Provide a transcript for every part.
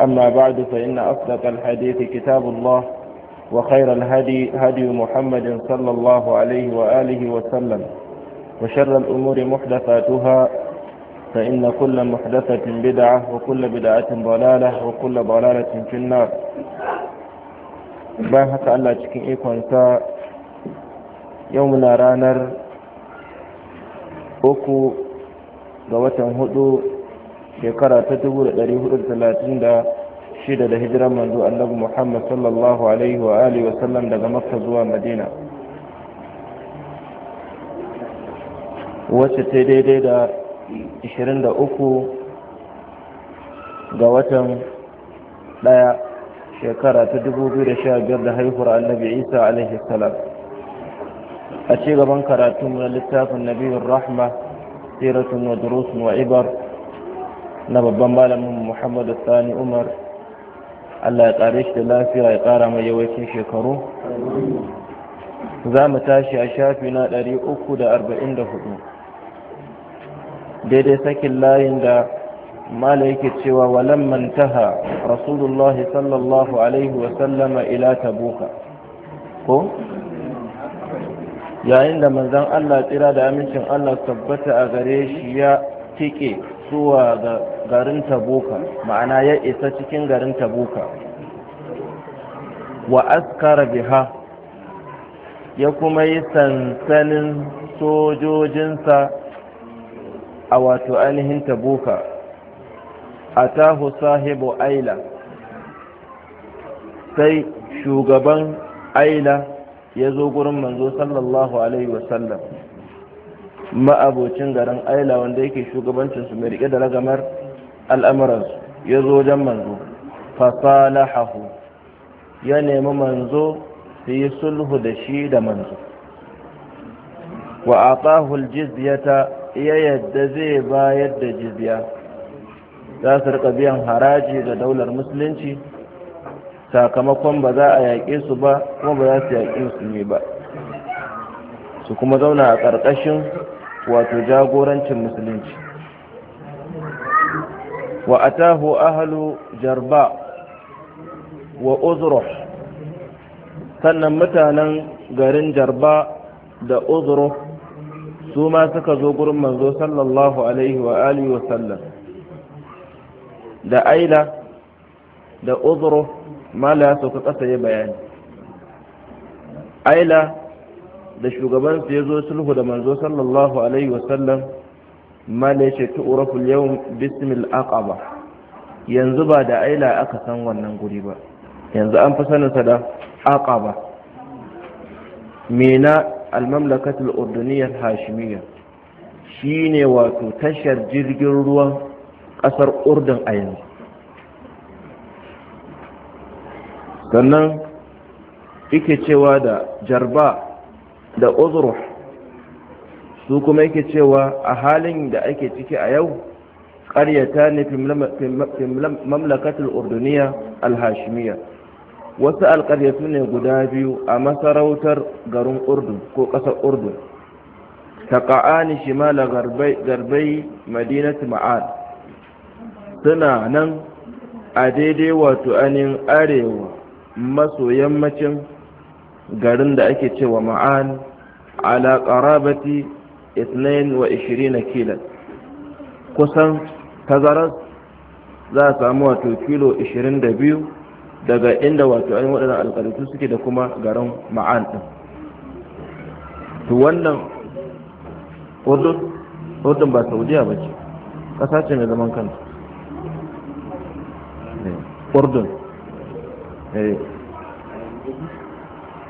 أما بعد فإن أصدق الحديث كتاب الله وخير الهدي هدي محمد صلى الله عليه وآله وسلم وشر الأمور محدثاتها فإن كل محدثة بدعة وكل بدعة ضلالة وكل ضلالة في النار bayan haka Allah cikin ikonsa yau muna ranar uku ga watan hudu shekara ta dubu da hijiran manzo annabi Muhammad sallallahu alaihi wa alihi wa sallam daga Makka zuwa Madina wacce ta daidai da 23 ga watan daya shekara ta 2015 da haihuwar annabi isa alaihi salam a ci gaban karatunmu na littafin nabiyar rahma siratun wa durusun wa ibar na babban malamin muhammadu sani umar allah ya kare shi da lafiya ya kara mai yawancin shekaru za mu tashi a shafi na ɗari daidai sakin layin da mala yake cewa walan mantaha rasulullah sallallahu alaihi wasallama ila tabuka ko yayin da manzan allah tsira da amincin allah tabbata a gare shi ya tike zuwa ga garin tabuka ma'ana ya isa cikin garin tabuka wa askara biha ya kuma yi sansanin sojojinsa a wato ainihin tabuka a tahu sahibu aila sai shugaban aila ya zo gurin manzo sallallahu alaihi wasallam ma'abocin garin aila wanda yake shugabancinsu mai rike da ragamar al'amuransu ya zo wajen manzo fasalahahu ya nemi manzo su yi sulhu da shi da manzo wa atahul jizyata ya yadda zai bayar da jizya za su rika biyan haraji ga daular musulunci sakamakon ba za a yaƙe su ba kuma ba za su yaƙe su ne ba su kuma zauna a ƙarƙashin wato jagorancin musulunci وأتاه أهل جرباء وأذرح sannan mutanen garin jarba da uzuru su ma suka zo gurin manzo sallallahu alaihi wa alihi wa sallam da aila da uzuru mala ya sauka ƙasa ya bayani aila da shugabansu ya zo sulhu da manzo sallallahu alaihi wa sallam mala yace tu'rafu al-yawm bismil aqaba yanzu ba da aila aka san wannan guri ba yanzu an fi sanin sa da aqaba mina al-mamlakat al-urduniyya al-hashimiyya shine wato tashar jirgin ruwan kasar urdun a yanzu sannan yake cewa da jarba da uzruh su kuma yake cewa a halin da ake ciki a yau ƙaryata ne fi mamlakatul urduniya alhashimiya wasu alƙaryatu ne guda biyu a masarautar garin urdun ko ƙasar Urdu. ta ƙa'ani shimala garbai madinatu ma'ad suna nan a daidai wato anin arewa maso yammacin garin da ake cewa ma'an ala ƙarabati 22 kilo kusan tazarar za a samu wato kilo 22 daga inda wato ainihin waɗannan alƙalitu suke da kuma garin ma'an ɗin to wannan urdun ba saudiya ba ce ƙasa ce mai zaman kanta urdun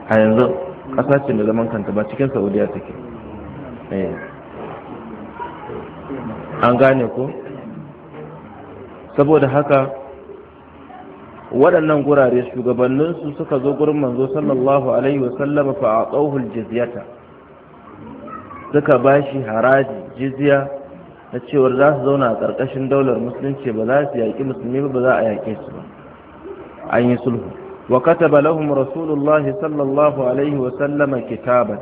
a yanzu ƙasa ce mai zaman kanta ba cikin saudiya take Eh. an gane ko saboda haka waɗannan gurare shugabanninsu suka zo gurin manzo sallallahu alaihi sallama, fa a tsohul jizyata suka ba shi haraji jizya na cewar za su zauna a ƙarƙashin daular musulunci ba za su yaƙi musulmi ba za a yaƙe su ba an yi sulhu wa kataba lahum rasulullahi sallallahu alaihi wasallama kitaban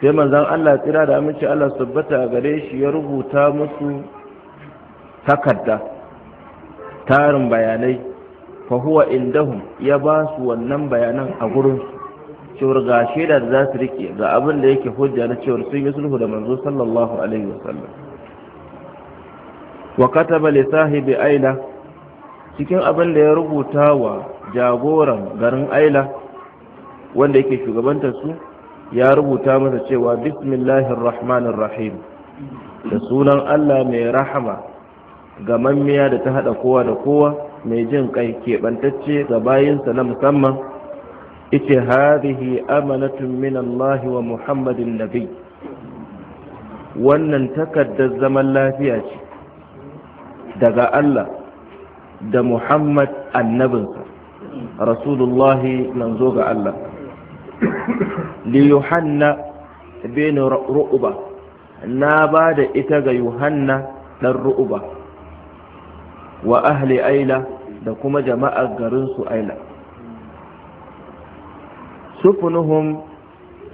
sai manzan Allah tsira da amince Allah tabbata a gare shi ya rubuta musu takarda tarin bayanai fahuwa indahum ya ba su wannan bayanan a gurin cewar ga da za su rike ga abin da yake hujja na cewar sun yi sulhu da manzo sallallahu alaihi wasallam wa kataba li sahibi aila cikin abin da ya rubuta wa jagoran garin aila wanda yake shugabantar su ya rubuta masa cewa bismillahir rahmanir rahim da sunan Allah mai rahama ga mammiya da ta hada kowa da kowa mai jin kai keɓantacce ga bayinsa na musamman ita hadhihi amanatun min Allah wa Muhammadin nabi wannan takaddar zaman lafiya ce daga Allah da Muhammad annabinsa rasulullahi zo ga Allah li yuhanna bin ru'uba na ba ita ga yuhanna dan ru'uba wa ahli aila da kuma jama'ar garin su aila sufunuhum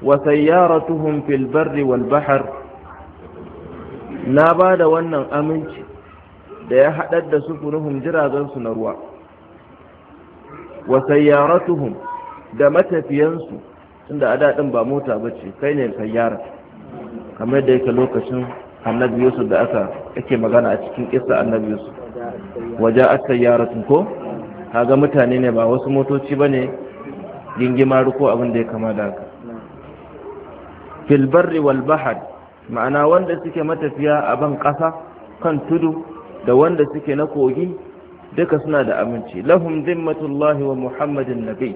wa sayyaratuhum fil barri wal bahr na ba da wannan aminci da ya haɗar da sufunuhum jiragensu na ruwa wa sayyaratuhum da matafiyansu tunda a daɗin ba mota ba ce kai ne ka gyara kamar da yake lokacin annabi yusuf da aka ake magana a cikin kisa annabi yusuf waje aka gyara tun ko kaga mutane ne ba wasu motoci ba ne gingima ruko abin da ya kama da haka filbarri wal bahar ma'ana wanda suke matafiya a ban ƙasa kan tudu da wanda suke na kogi duka suna da aminci lahum zimmatullahi wa muhammadin nabi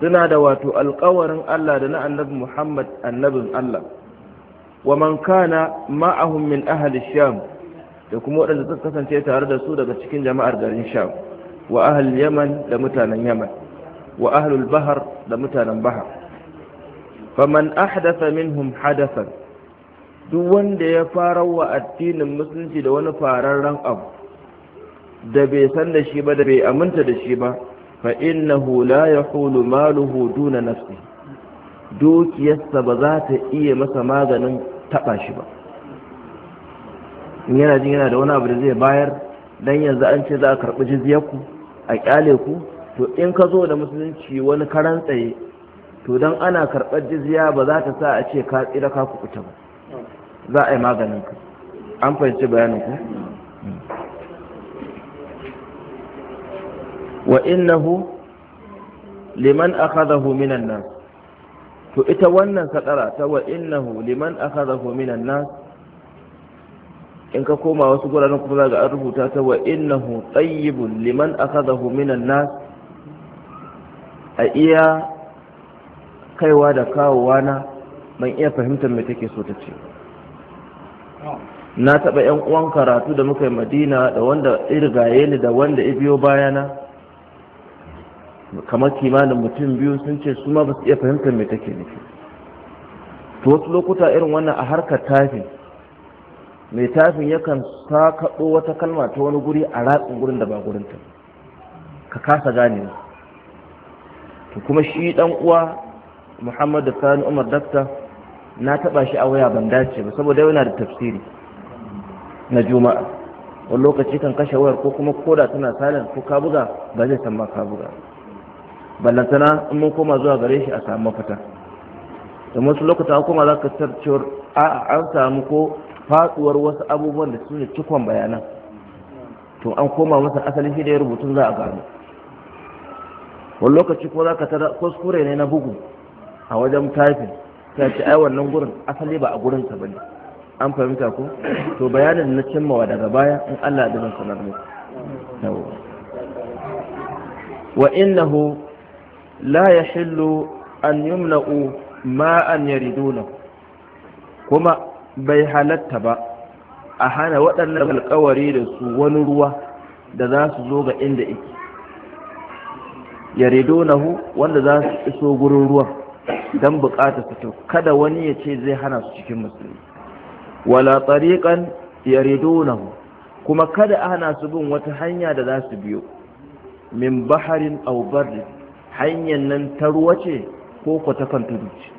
suna da wato alkawarin Allah da na annabi Muhammad annabin Allah wa man kana ma'ahum min ahli sham da kuma waɗanda suka kasance tare da su daga cikin jama'ar garin sham wa ahli yaman da mutanen yaman wa ahlul bahar da mutanen bahar faman ahdatha minhum hadathan duk wanda ya fara wa addinin musulunci da wani fararren abu da bai san da shi ba da bai aminta da shi ba fa hula la yahulu maluhu duna nafsi dukiyarsa ba za ta iya masa maganin taba shi ba in yana jin yana da wani abu da zai bayar dan yanzu an ce za a karbi jiziyarku ku a kyale ku to in ka zo da musulunci wani karan tsaye to dan ana karɓar jizya ba za ta sa a ce ka tsira ka ba za a yi maganin ka an fahimci bayanin ku wa innahu liman akhadahu minan nas to ita wannan sadara ta wa innahu liman akhadahu minan nas in ka koma wasu guraren kuma ga an rubuta ta wa innahu tayyibun liman akhadahu minan nas a iya kaiwa da kawowa na ban iya fahimtar me take so ta ce na taɓa 'yan uwan karatu da muka yi madina da wanda irgaye ni da wanda ibiyo bayana kamar kimanin mutum biyu sun ce su ma ba su iya fahimtar mai take nufi to wasu lokuta irin wannan a harkar tafin mai tafin yakan kaɗo wata kalma ta wani guri a ratsin gurin da ba gurin ta ka kasa gane to kuma shi ɗan uwa muhammadu sani umar dakta na taba shi a waya ban dace ba saboda yana da tafsiri na juma'a wani lokaci kan kashe wayar ko kuma koda tana silent ko ka buga ba zai san ma ka buga ballantana in mun koma zuwa gare shi a samu mafita da wasu lokuta kuma za ka tarciyar a an samu ko faduwar wasu abubuwan da suna cikon bayanan to an koma masa asalin shi da ya rubutun za a gano wani lokaci ko za ka tara kuskure ne na bugu a wajen typing ta ce ai wannan gurin asali ba a gurin ta bane an fahimta ko to bayanin na cimmawa daga baya in Allah ya sanar mu wa innahu la ya hillu an yumla'u ma an yariduna kuma bai halarta ba a hana waɗannan alkawari da su wani ruwa da za su zo ga inda ike yaridunahu wanda za su iso gurin ruwa don bukata su to kada wani ya ce zai hana su cikin musulmi wala tariqan yaridunahu kuma kada a hana su bin wata hanya da za su biyo min baharin aw barrin hanyar nan ta ruwa ce ko ku ta kan duci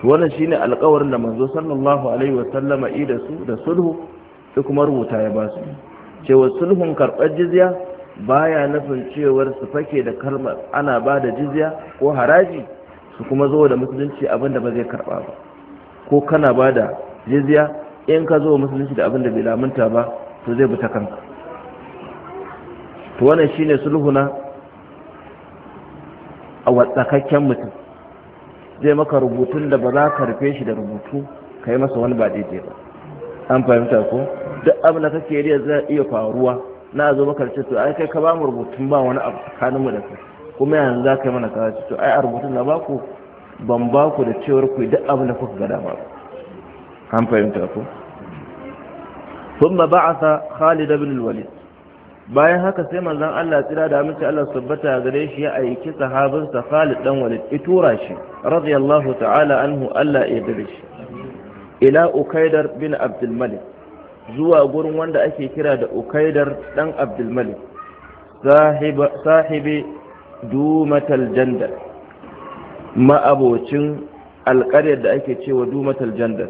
ce wannan shine alƙawarin da manzo sallallahu alaihi wa sallama da su da sulhu su kuma rubuta ya ba su cewa sulhun karɓar jizya baya nufin cewar su fake da kalmar ana ba da jizya ko haraji su kuma zo da musulunci abinda ba zai karɓa ba ko kana ba da jizya in ka zo musulunci da abinda bai lamunta ba to zai bi ta kanka to wannan shine sulhuna a watsakakken mutum zai maka rubutun da ba za ka rufe shi da rubutu ka yi masa wani ba daidai ba an fahimta ko duk abin da kake yi zai iya faruwa na zo maka ce to ai kai ka ba mu rubutun ba wani abu tsakaninmu da kai kuma yanzu za ka yi mana kawai, ce to ai a rubutun na baku ban baku da cewar ku duk abin da kuka gada ba an fahimta ko ثم بعث خالد بن الوليد bayan haka sai manzon Allah tsira da amince Allah tabbata gare shi ya aiki sahabinsa Khalid dan Walid itura shi radiyallahu ta'ala anhu Allah ya yarda shi ila Ukaidar bin Abdul Malik zuwa gurin wanda ake kira da Ukaidar dan Abdul Malik sahibi dumatal jandal ma'abocin alƙaryar da ake cewa dumatal jandal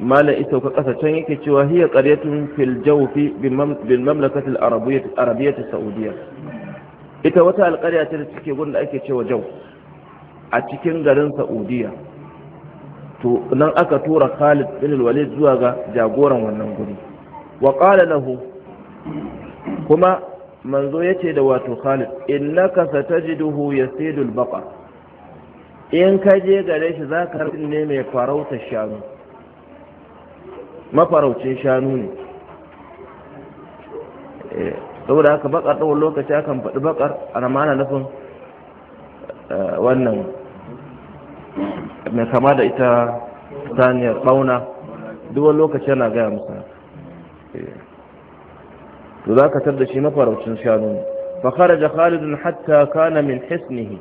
malam isa ka kasa can yake cewa hiya qaryatun fil jawfi bil mamlakat al arabiyyah al saudiyyah ita wata alƙarya ce da take gurin da ake cewa jaw a cikin garin saudiya to nan aka tura Khalid bin Walid zuwa ga jagoran wannan guri wa qala lahu kuma manzo yace da wato Khalid innaka satajiduhu yasidu al-baqa in ka je gare shi zaka ne mai farauta shanu mafaraucin shanu ne eh, saboda haka bakar ɗawar lokaci akan faɗi bakar ana mana nufin eh, wannan mai kama da ita saniyar ɓauna duwan lokaci yana gaya musa eh, to za ka tar da shi mafaraucin shanu ne fakara da khalidun hatta kana min hisnihi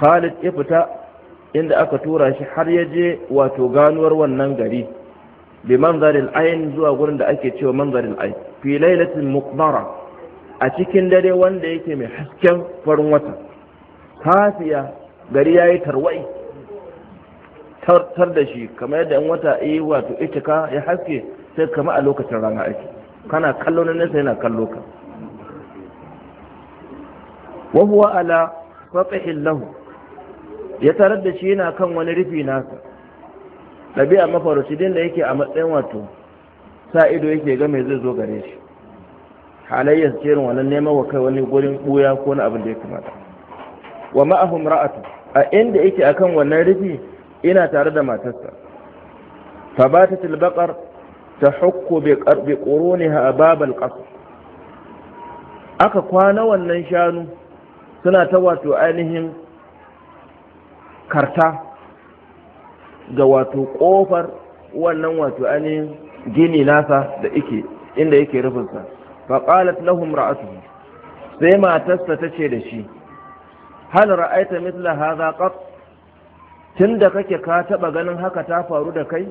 khalid ya fita inda aka tura shi har ya je wato ganuwar wannan gari bi manzaril ayn zuwa gurin da ake cewa manzaril ayn fi lailatin muqbara a cikin dare wanda yake mai hasken farin wata kafiya gari yayi tarwai tartar da shi kamar yadda in wata yi wato itika ya haske sai kama a lokacin rana ake kana kallo na nesa yana kallo ka wa ala fathihin lahu ya tarar da shi yana kan wani rufi nasa ɗabi'a mafarauci din da yake a matsayin wato sa ido yake ga mai zai zo gare shi halayya su cerin wannan neman wa kai wani gurin buya ko na abin da ya kamata wa ma'ahum ra'atu a inda yake akan wannan rufi ina tare da matarsa fa ta baqar bai bi qarbi quruniha babal qasr aka kwana wannan shanu suna ta wato ainihin karta ga wato kofar wannan wato ainihin gini nasa da ike inda yake rufinsa faƙalat lahum ra'atu sai matarsa ta ce da shi hal ra'aita mithla hadha qat tunda kake ka taba ganin haka ta faru da kai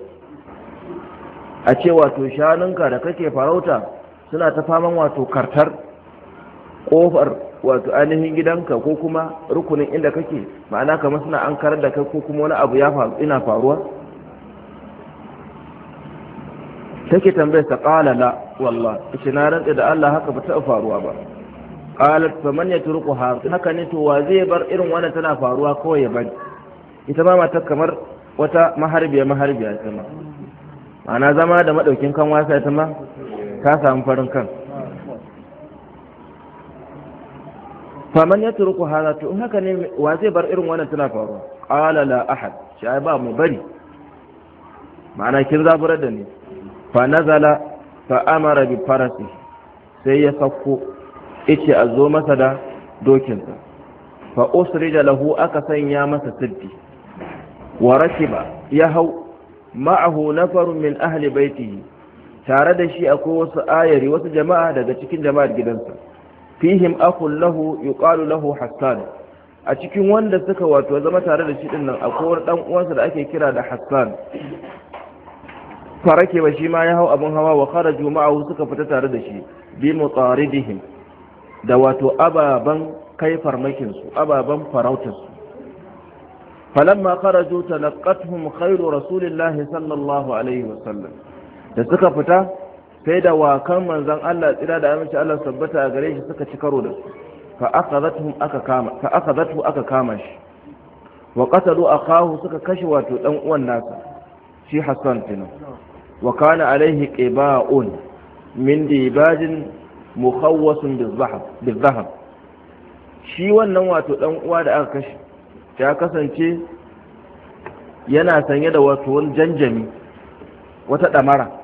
a ce wato shanunka da kake farauta suna ta faman wato kartar kofar wato ainihin gidanka ko kuma rukunin inda kake ma'ana kamar suna an karar da kai ko kuma wani abu ya faru ina faruwa take tambayar ta qala la wallah kace na rantsa da Allah haka ba ta faruwa ba qalat faman ha haka ne to wa zai bar irin wannan tana faruwa kawai ya bari ita ma ta kamar wata maharbiya maharbiya ta ma ma'ana zama da madaukin kan wasa ta ma ta samu farin kan faman ya turku hada to in haka ne wa zai bar irin wannan tana faruwa qala la ahad shi ai ba mu bari ma'ana kin zaburar da ni fa nazala fa amara bi farasi sai ya sakko yace a zo masa da dokinsa fa usrija lahu aka sanya masa siddi wa rakiba ya hau ma'ahu nafarun min ahli baitihi tare da shi akwai wasu ayari wasu jama'a daga cikin jama'ar gidansa fihim akun lahu yuqalu lahu hassan a cikin wanda suka wato zama tare da shi din nan akwai dan uwansa da ake kira da hasan. farake ba shi ma ya hau abin hawa wa kharaju ma'ahu suka fita tare da shi bi mutaridihim da wato ababan kai farmakin su ababan farautar su falamma kharaju talaqathum khairu rasulillahi sallallahu alaihi wasallam da suka fita sai da wakan manzan Allah tsira da aminci Allah sabbata a gare shi suka ci karo da su fa akhadathum aka aka kama shi wa a kahu suka kashe wato dan uwan nasa shi Hassan tinan wa kana alaihi qiba'un min dibajin muhawwasun bizahab bizahab shi wannan wato dan uwa da aka kashe ya kasance yana sanye da wato wani janjami wata ɗamara.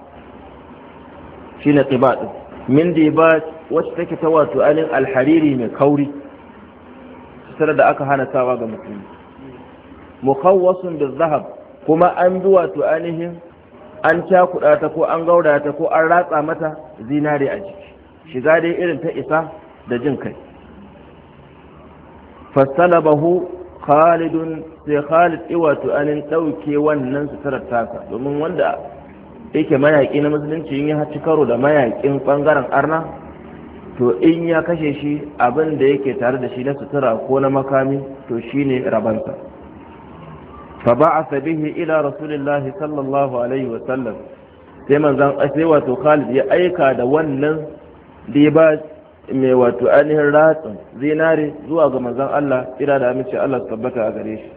shine qiba din min dibat wacce take ta wato alin alhariri mai kauri sutura da aka hana sawa ga musulmi mukawwasun da zahab kuma an bi wato ainihin an cakuɗa ta ko an gaurata ko an ratsa mata zinare a jiki shiga dai irin ta isa da jin kai fassalabahu khalidun sai khalid iwatu anin ɗauke wannan sutarar tasa domin wanda yake mayaƙi na musulunci in ya haci karo da mayaƙin ɓangaren arna to in ya kashe shi abin da yake tare da shi na sutura ko na makami to shi ne rabanta fa a bihi ila rasulillahi sallallahu alaihi wa sai manzan sai wato Khalid ya aika da wannan riba mai wato ainihin ratsin zinari zuwa ga manzan Allah ira da amince Allah tabbata a gare shi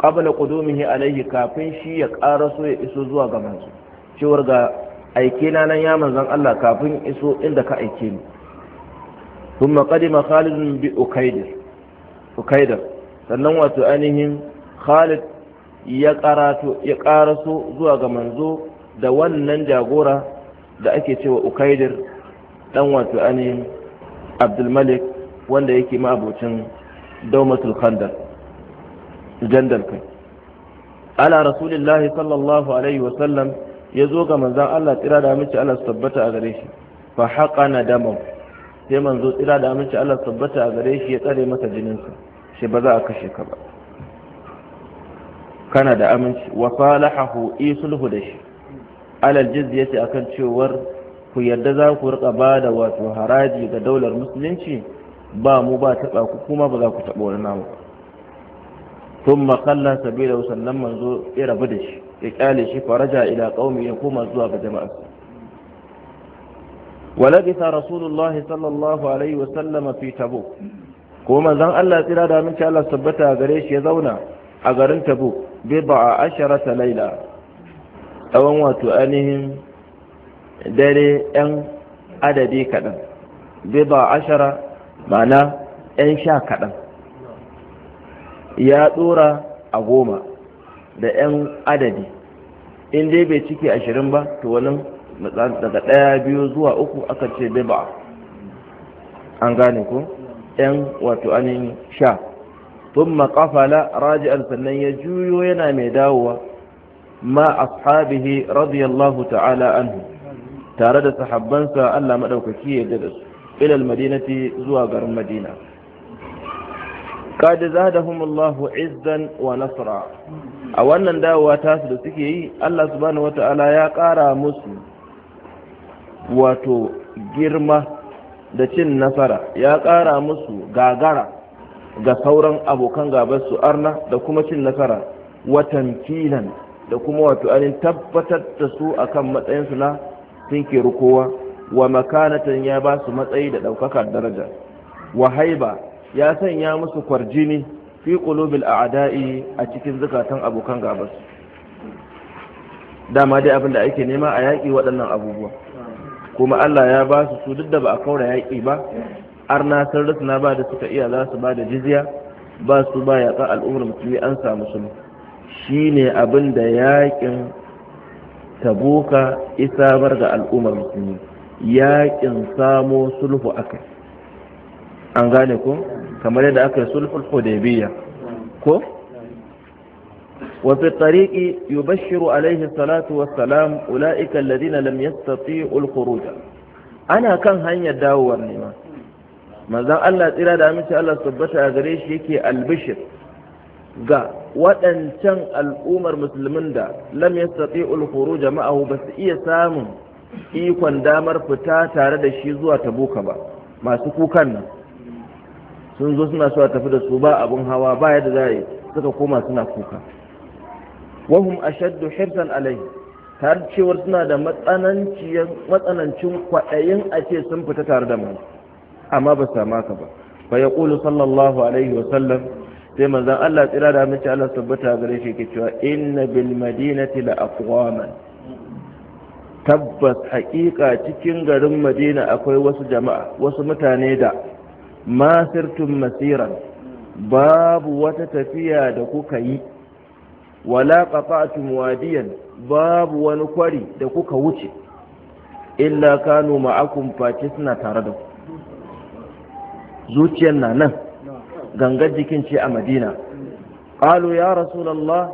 qabla kudumihi alaihi kafin shi ya karaso ya iso zuwa ga manzan cewar ga aike na nan ya manzan Allah kafin iso inda ka aike ni kuma kadima khalidun bi ukaidar sannan wato ainihin khalid ya ƙaraso zuwa ga manzo da wannan jagora da ake cewa Ukaidar dan wato ainihin abdulmalik wanda yake ma'abocin daumatul khandar jandar kai ala rasulillahi sallallahu alaihi wasallam ya zo ga manzan Allah tsira da aminci Allah su tabbata a gare shi fa haƙa na damar sai manzo tsira da aminci Allah su tabbata a gare shi ya tsare masa jininsa shi ba za a kashe ka ba kana da aminci wa salahahu isulhu da shi alal a akan cewar ku yadda za ku rika ba da wato haraji ga daular musulunci ba mu ba taɓa ku kuma ba za ku taɓa wani namu tun makalla sabila sannan manzo ya shi ya kyale shi faraja ila qaumi ya koma zuwa ga jama'a walabisa rasulullahi sallallahu alaihi wa sallama fi tabuk ko zan Allah tsira da mun ci Allah tabbata gare shi ya zauna a garin tabuk ba'a asharata laila tsawon wato ainihin dare yan adadi kaɗan bid'a ashara ma'ana yan sha kaɗan ya ɗora a goma da 'yan adadi in dai bai ciki ashirin ba to wani daga ɗaya biyu zuwa uku aka ce biba an gane ko 'yan wato anin sha tun makafala raji'ar sannan ya juyo yana mai dawowa ma ashabihi radiyallahu ta'ala anhu tare da sahabbansa Allah maɗaukaki ya da su ilal madinati zuwa garin madina قد زادهم الله wa ونصرا a wannan dawowa tasu da suke yi Allah subhanahu wata'ala ya ƙara musu wato girma da cin nasara ya ƙara musu gagara ga sauran abokan gabar su arna da kuma cin nasara watan filan da kuma wato anin tabbatar da su akan matsayinsu na sun keri wa makanatan ya ba su matsayi da ɗaukakar daraja wa haiba ya sanya musu kwarjini fi a a'da'i a cikin zakatan abokan gabas dama dai abin da ake nema a yaƙi waɗannan abubuwa kuma Allah ya ba su su duk da ba a kaura yaƙi ba arna sun na ba da suka iya za su ba da jizya ba su ba ya yaƙa al'ummar musulmi an samu su shine abin da yaƙin tabuka isabar ga al'ummar musulmi yaƙin samo sulhu akai an gane ko Kamar yadda aka yi sulhu da biyya. Ko. Wasu tsiririƙi, Ya'ubuashiru alayhi salatu wa salam, wula'ika Ladina Lamiyastafi Ulquruja. Ana kan hanyar dawo ne ba. Allah tsira da amince Allah su batawa gare shi yake albishir. Ga waɗancan al'ummar musulmin da Lamiyastafi Ulquruja ma'aun ba su iya samun ikon damar fita tare da shi zuwa tabuka ba. Masu kukan nan. sun zo suna suwa a tafi da su ba abin hawa ba yadda za a yi suka koma suna kuka wahum ashaddu hirsan alai tare cewar suna da matsanancin kwaɗayin a ce sun fita tare da mu amma ba samu maka ba fa ya ƙulu sallallahu alaihi wa sallam sai manzan Allah tsira da amince Allah tabbata gare shi ke cewa inna bil madinati la aqwaman tabbas haƙiƙa cikin garin Madina akwai wasu jama'a wasu mutane da ma sirtum masiran babu wata tafiya da kuka yi wala qata'tum wadiyan babu wani kwari da kuka wuce illa kanu ma'akum face suna tare da ku zuciyar na nan ganga jikin ce a madina qalu ya rasulullah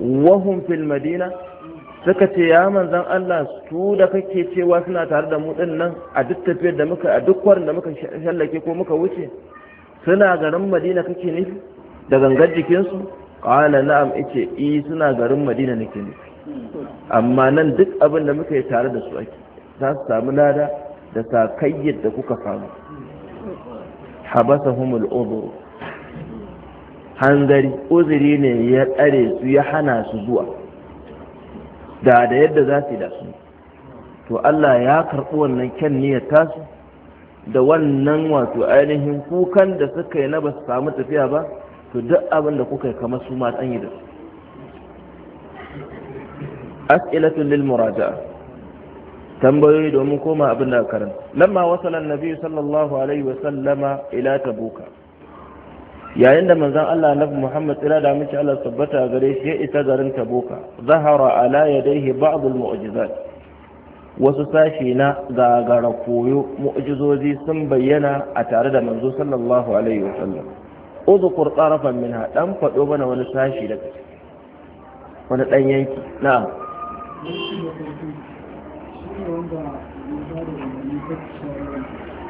wahum fil madina suka ce ya manzan Allah su da kake cewa suna tare da mu din nan a duk tafiyar da muka a duk kwarin da muka shallake ko muka wuce suna garin Madina kake ne da gangar jikinsu qala na'am ice i e, suna garin Madina nake ne amma nan duk abin da muka yi tare da su ake za su samu lada da sakayyar da kuka samu habasahumul udhur Hangari uzuri ne ya tsare su ya hana su zuwa da da yadda za su da su to Allah ya karɓi wannan kyan niyyar tasu da wannan wato ainihin kukan da suka yi na ba su samu tafiya ba to duk abin da kuka yi kamar su ma an yi da su as'ilatu lil muraja'a tambayoyi domin koma abin da karanta lamma wasala annabi sallallahu alaihi wa sallama ila tabuka yayin da manzon Allah na Muhammad tsira da miki Allah tabbata gare shi ya isa garin Tabuka zahara ala yadayhi ba'd al-mu'jizat wasu sashi na gagara koyo mu'jizozi sun bayyana a tare da manzo sallallahu alaihi wasallam udhkur tarafan minha dan fado mana wani sashi daga wani dan yanki na'am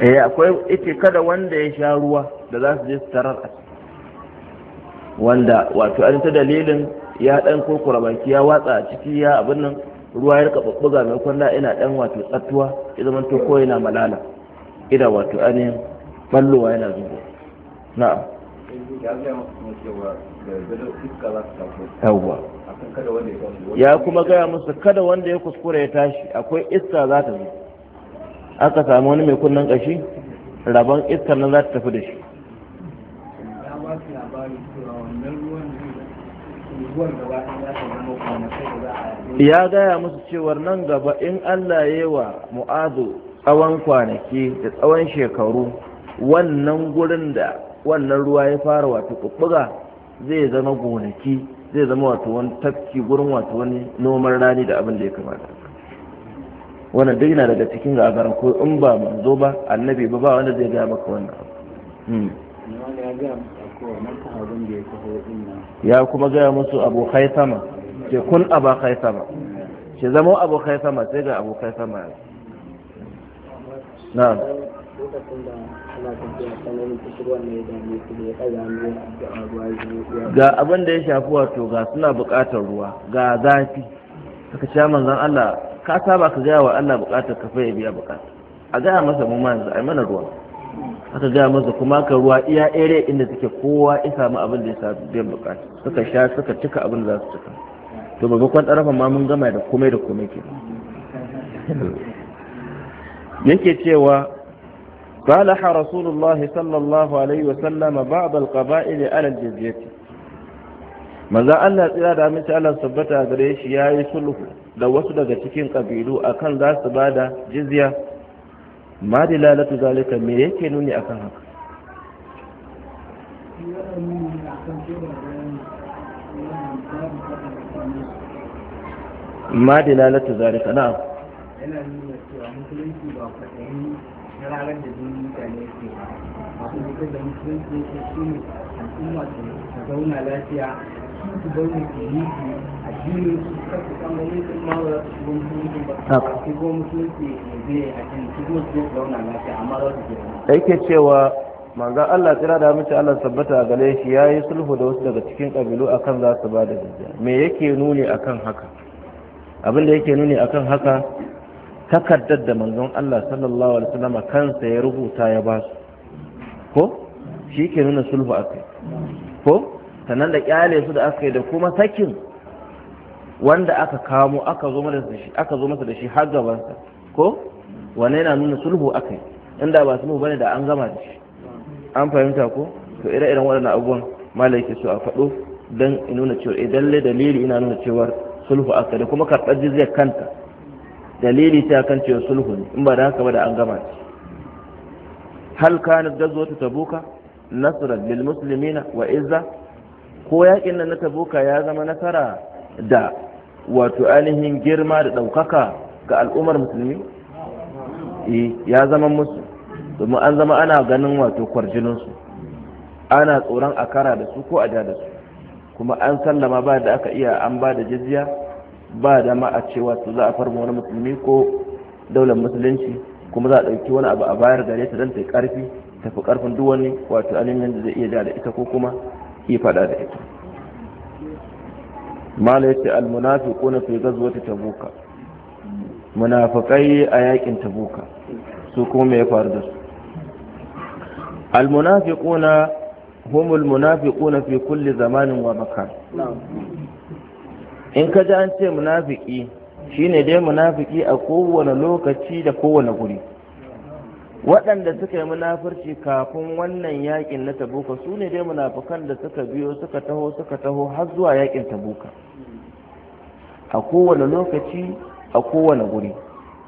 eh akwai ita kada wanda ya sha ruwa da za su je su tarar a ciki wanda wato an ta dalilin ya dan kurkura baki ya watsa a ciki ya abin nan ruwa ya rika babbuga mai kwalla ina dan wato tsattuwa ya zama to ko yana malala ina wato anin ballowa yana zubo na'am yawwa ya kuma gaya musu kada wanda ya kuskura ya tashi akwai iska za ta zo aka samu wani mai kunnen kashi rabon iskar nan za ta tafi da shi ya gaya musu cewar nan gaba in Allah ya wa mu'adu tsawon kwanaki da tsawon shekaru wannan gurin da wannan ruwa ya fara wato kubbuga zai zama gonaki zai zama wato wani tafki gurin wato wani noman rani da abin da ya kamata wannan duk yana daga cikin gagarin ko in ba mu zo ba annabi ba ba wanda zai gaya maka wannan hmm. abu ya kuma gaya musu abu haitama ce kun abu haitama ce zama abu haitama sai ga abu haitama na ga abin da ya shafi wato ga suna buƙatar ruwa ga zafi suka sha manzan Allah ka saba ka gaya wa Allah buƙatar ka ya biya bukatar a gaya masa mu a yi mana ruwa aka gaya masa kuma ka ruwa iya ere inda suke kowa ya samu abin da ya samu biyan bukata suka sha suka cika abin da za su cika to kwan ɗarafan ma mun gama da komai da komai ke yake cewa صالح رسول الله صلى الله عليه al qaba'il ala al الجزية maza Allah tsira da amince Allah tabbata gare shi ya yi sulhu da wasu daga cikin ƙabilu akan za su ba da jizya ma lalata zalika me yake nuni akan haka ma lalata zalika na. yana nuna cewa musulunci ba kwatanni na ranar da jini mutane ke ba masu da musulunci su ne al'umma su zauna lafiya da yake cewa manzan Allah tsira da mace Allah sabbata a gare shi ya yi sulhu da wasu daga cikin ƙabilu akan za su ba da jizya me yake nuni akan haka abin da yake nuni akan haka takardar da manzon Allah sallallahu alaihi wasallam kansa ya rubuta ya ba su ko shi ke nuna sulhu kai ko sannan da kyale su da aka yi da kuma sakin wanda aka kamo aka zo masa da shi aka zo masa da shi har gabansa ko wane yana nuna sulhu akai inda ba sulhu bane da an gama da shi an fahimta ko to ire iren waɗannan abubuwan malai ke so a faɗo dan in nuna cewa idan eh, le dalili ina nuna cewa sulhu akai da kuma karɓar jizyar kanta dalili ta kan cewa sulhu ne in ba da haka ba da an gama da shi hal kanat ta tabuka nasra lil muslimina wa izza ko yakin nan na tabuka ya zama nasara da wato ainihin girma da ɗaukaka ga al'ummar musulmi eh, ya zama musu domin an zama ana ganin wato kwarjininsu ana tsoron a kara da su ko a da su kuma an sallama ba da aka iya an ba da jizya ba da ma a cewa su za a farma wani musulmi ko daular musulunci kuma za a ɗauki wani abu a bayar gare ta don ta yi ƙarfi tafi ƙarfin duk wani wato alimin da zai iya da ita ko kuma yi fada da ita mala yace almunafiquna fi ghazwati tabuka munafiqai a yakin tabuka su kuma me ya faru da su almunafiquna هم fi kulle zamanin wa maka. in ka ji an ce munafiki shine dai munafiki a kowane lokaci da kowane guri waɗanda suka yi munafurci kafin wannan yakin na tabuka su ne dai munafukan da suka biyo suka taho suka taho har zuwa yakin tabuka a kowane lokaci a kowane guri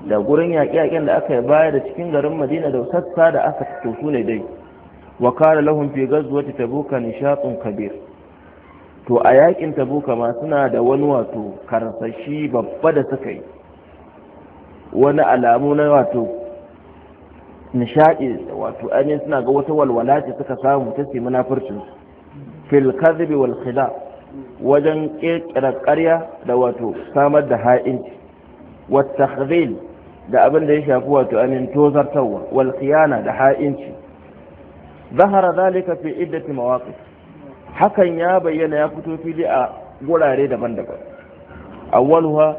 da gurin yaƙi yaƙin da aka yi baya da cikin garin madina da sassa da aka fito su ne dai wa kare lahun fi gazuwati tabuka nishatun kabir to a yakin tabuka ma suna da wani wato karsashi babba da suka yi wani alamu na wato nishaɗi wato ainihin suna ga wata walwala ce suka samu ta su munafurcin fil kadhibi wal khida wajen kirkira ƙarya da wato samar da ha'inci wat takhdhil da abin da ya shafi wato ainihin tozartawa wal khiyana da ha'inci zahara zalika fi iddati mawaqif hakan ya bayyana ya fito fili a gurare daban-daban awwaluha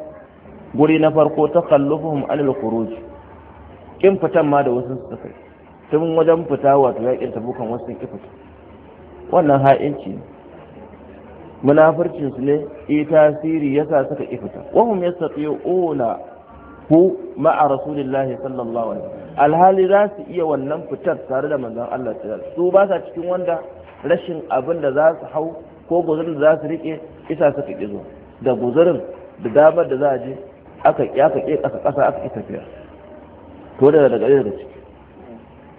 guri na farko takallufuhum anil khuruj kin fitan ma da wasu su tafi tun wajen fita wato yakin tabukan wasu sun ki wannan ha'inci ne Munafurcin su ne i tasiri yasa suka ki fita wa hum yastati'una hu ma'a rasulillahi sallallahu alaihi alhali za su iya wannan fitar tare da manzon Allah su ba sa cikin wanda rashin abin da za su hau ko guzurin da za su rike isa suka kizo da guzurin da damar da za a je aka ƙi ƙasa ƙasa aka tafiya to da daga daga ciki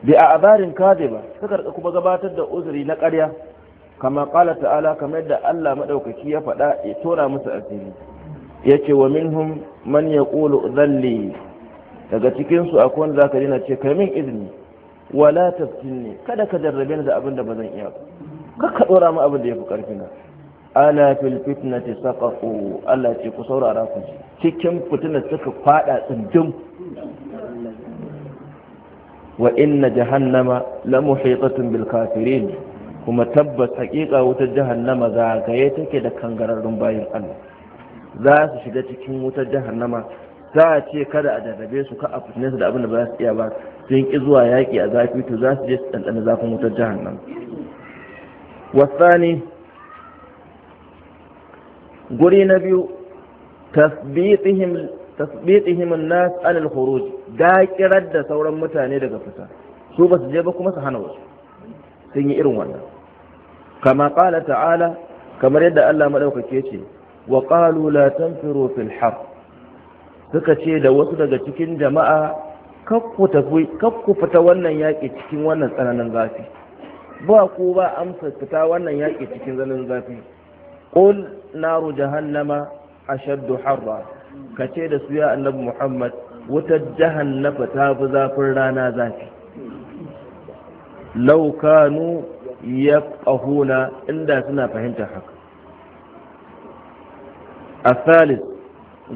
bi a abarin ba ba, rika kuma gabatar da uzuri na karya. kama ƙala ta'ala kamar yadda Allah maɗaukaki ya faɗa ya tora musu asiri ya ce wa minhum man ya ƙulu zalli daga cikinsu akwai wanda zaka dina ce kai min izini wala tafkinni kada ka jarrabe ni da abin da ba zan iya ba ka ɗora mu abin da ya fi ƙarfi na ala fil fitnati saqaqu Allah ce ku saurara ku cikin fitina suka fada tsindin wa inna jahannama la muhitatun bil kafirin kuma tabbas hakika wutar jahannama zagaye take da kangararrun bayin Allah za su shiga cikin wutar jahannama za a ce kada a jarrabe su ka a su da abin da ba su iya ba sun ki zuwa yaki a zafi to za su je su dandana zafin wutar jahannama wasani guri na biyu tasbitihim tasbitihim an-nas an al-khuruj da kirar da sauran mutane daga fita su ba su je ba kuma su hana wasu sun yi irin wannan kama qala ta'ala kamar yadda Allah madaukake ce wa qalu la tanfiru fil har suka ce da wasu daga cikin jama'a kakku tafi kakku fita wannan yaƙi cikin wannan tsananin zafi ba ku ba amsa fita wannan yaki cikin tsananin zafi qul naru jahannama ashaddu harra ka ce da su ya annabi muhammad wutar jahannafa ta fi zafin rana zafi laukanu ya ƙahuna inda suna fahimtar haka a salis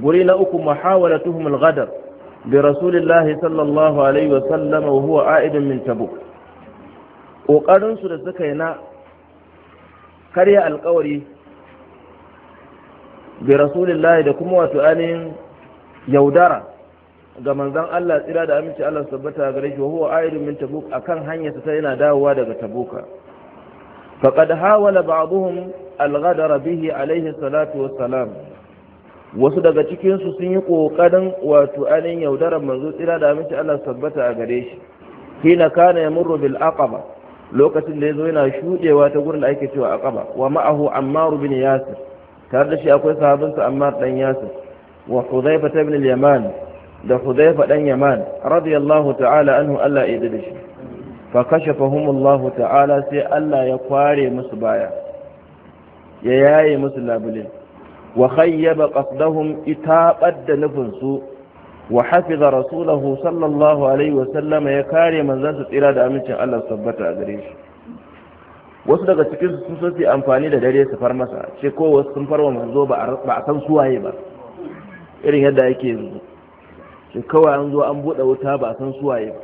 guri na uku muhawara tuhumul gadar bi rasulillahi sallallahu alaihi wasallam wa huwa a'idun min tabuk ƙoƙarinsu da suka yi na karya alkawari bi rasulillahi da kuma wato ainihin yaudara ga manzon Allah tsira da aminci Allah tabbata gare shi wa huwa aidun min tabuk akan hanyar ta yana dawowa daga tabuka faqad hawala ba'dhum al-ghadara bihi alaihi salatu salam wasu daga cikin su sun yi kokarin wato anin yaudarar manzo tsira da aminci Allah tabbata a gare shi hina kana yamurru bil aqaba lokacin da yazo yana shudewa ta gurin da ake cewa aqaba wa ma'ahu ammar bin yasir tare da shi akwai sahabinsa amma dan yasir wa hudhaifa ibn al-yaman da hudhaifa dan yaman radiyallahu ta'ala anhu Allah ya yarda shi fa kashafahum Allah ta'ala sai Allah ya kware musu baya ya yaye musu labule wa khayyaba qasdahum itaqad da su wa hafiza rasulahu sallallahu alaihi wa sallama ya kare manzansa tsira da amincin Allah sabbata a gare shi wasu daga cikin su sun fi amfani da dare su far masa ce ko wasu sun farwa manzo ba a san suwaye ba irin yadda yake yanzu ce kawai an zo an buɗe wuta ba a san suwaye ba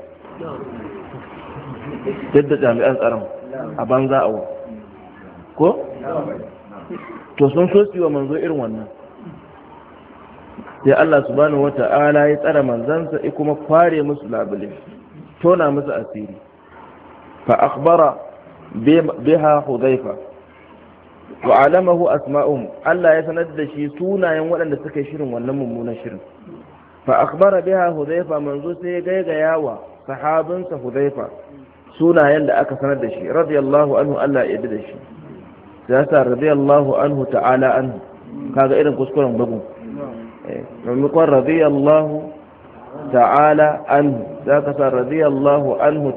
yadda jami'an tsaron a banza a ko to sun so su wa manzo irin wannan sai Allah subhanahu wata'ala ya tsara manzansa ya kuma kware musu labulin tona musu asiri fa akhbara biha hudhaifa wa alamahu Allah ya sanar da shi sunayen waɗanda suka yi shirin wannan mummunan shirin fa akhbara biha hudhaifa manzo sai ya gaigaya wa sahabinsa hudhaifa sunayen da aka sanar da shi radiyallahu anhu Allah ya yarda da shi ya sa radiyallahu anhu ta'ala anhu kaga irin kuskuren bugu maimakon radiyallahu ta'ala anhu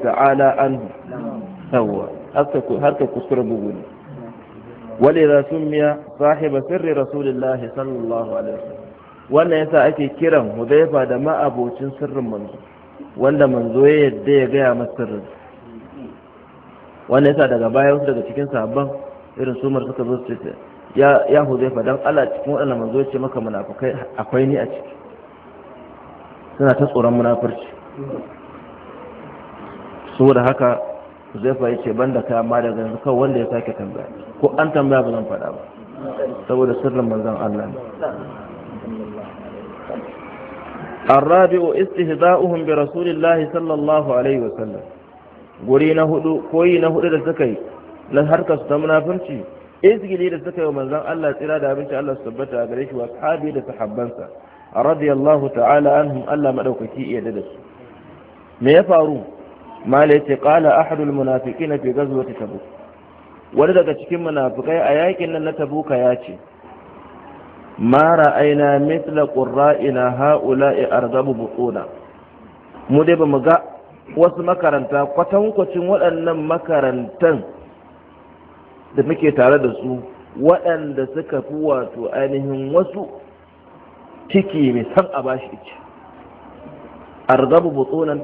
sa anhu harkar kuskure bugu ne wale da sun miya sahiba sirri rasulullahi sallallahu alaihi wasallam wannan yasa ake kiran hudaifa da ma'abocin sirrin manzo wanda manzo ya yadda ya gaya masa sirrin wannan yasa daga baya wasu daga cikin sahabban irin sumar suka zo su ce ya ya hudaifa dan Allah cikin wannan manzo ya ce maka munafikai akwai ni a ciki suna ta tsoron munafurci saboda haka zai ya ce ban da kayan ma daga yanzu kawai wanda ya sake tambaya ko an tambaya ba zan faɗa ba saboda sirrin manzon Allah ne الرابع استهزاؤهم برسول الله صلى الله عليه وسلم guri na hudu koyi na hudu da suka na harkar su ta munafurci izgili da suka yi manzon Allah tsira da abinci Allah su tabbata a gare shi wa sahabi da sahabbansa radiyallahu ta'ala anhum Allah madaukaki iya da su me ya faru mala yace qala ahadul munafiqina fi ghazwati tabuk wani daga cikin munafikai a yakin nan na tabuka ya ce ma ra'ayna mithla qurra'ina ha'ula'i arzabu buquna mu dai mu ga wasu makaranta kwatankwacin waɗannan makarantan da muke tare da su waɗanda suka fi wato ainihin wasu ciki mai san a bashi ce arzabu butsunan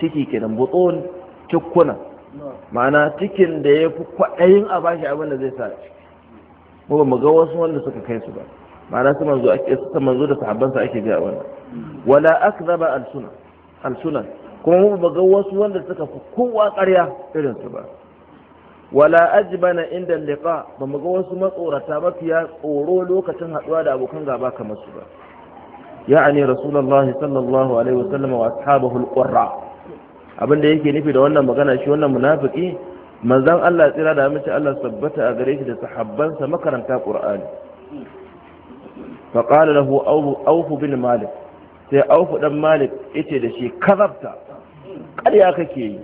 ciki kenan butsun cikkuna ma'ana cikin da ya fi kwaɗayin a bashi abin da zai sa ciki mu ba mu ga wasu wanda suka kai su ba ma'ana su manzo ake su manzo da sa ake ga wannan wala akzaba al-sunan al-sunan kuma mu ba ga wasu wanda suka fi kowa ƙarya irin su ba wala ajbana inda liqa ba mu ga wasu matsorata mafiya tsoro lokacin haɗuwa da abokan gaba kamar su ba ya'ani rasulullahi sallallahu alaihi wasallam wa ashabahu al-qurra abin da yake nufi da wannan magana shi wannan munafiki manzan Allah tsira da amince Allah sabbata a gare shi da sahabbansa makaranta Qur'ani fa qala lahu awfu bin malik sai awfu dan malik yace da shi kazabta ƙarya kake yi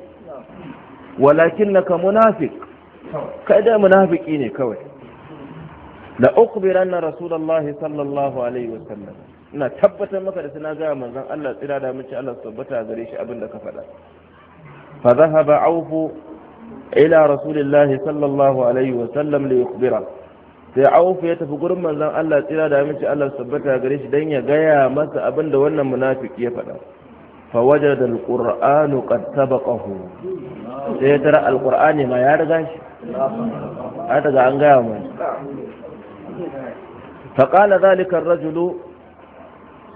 walakinnaka munafiq kai da munafiki ne kawai la ukhbiranna rasulullahi sallallahu alaihi wa sallam, ina tabbatar maka da suna gaya manzan Allah tsira da mace Allah tabbata a gare shi abinda ka faɗa فذهب عوف إلى رسول الله صلى الله عليه وسلم ليخبره sai auf ya tafi gurin manzon Allah tsira da aminci Allah sabbata gare shi dan ya gaya masa abin da wannan munafiki ya faɗa fa wajada alqur'anu qad sabaqahu sai ya tara alqur'ani ma ya riga shi a daga an gaya mu fa qala zalika ar-rajulu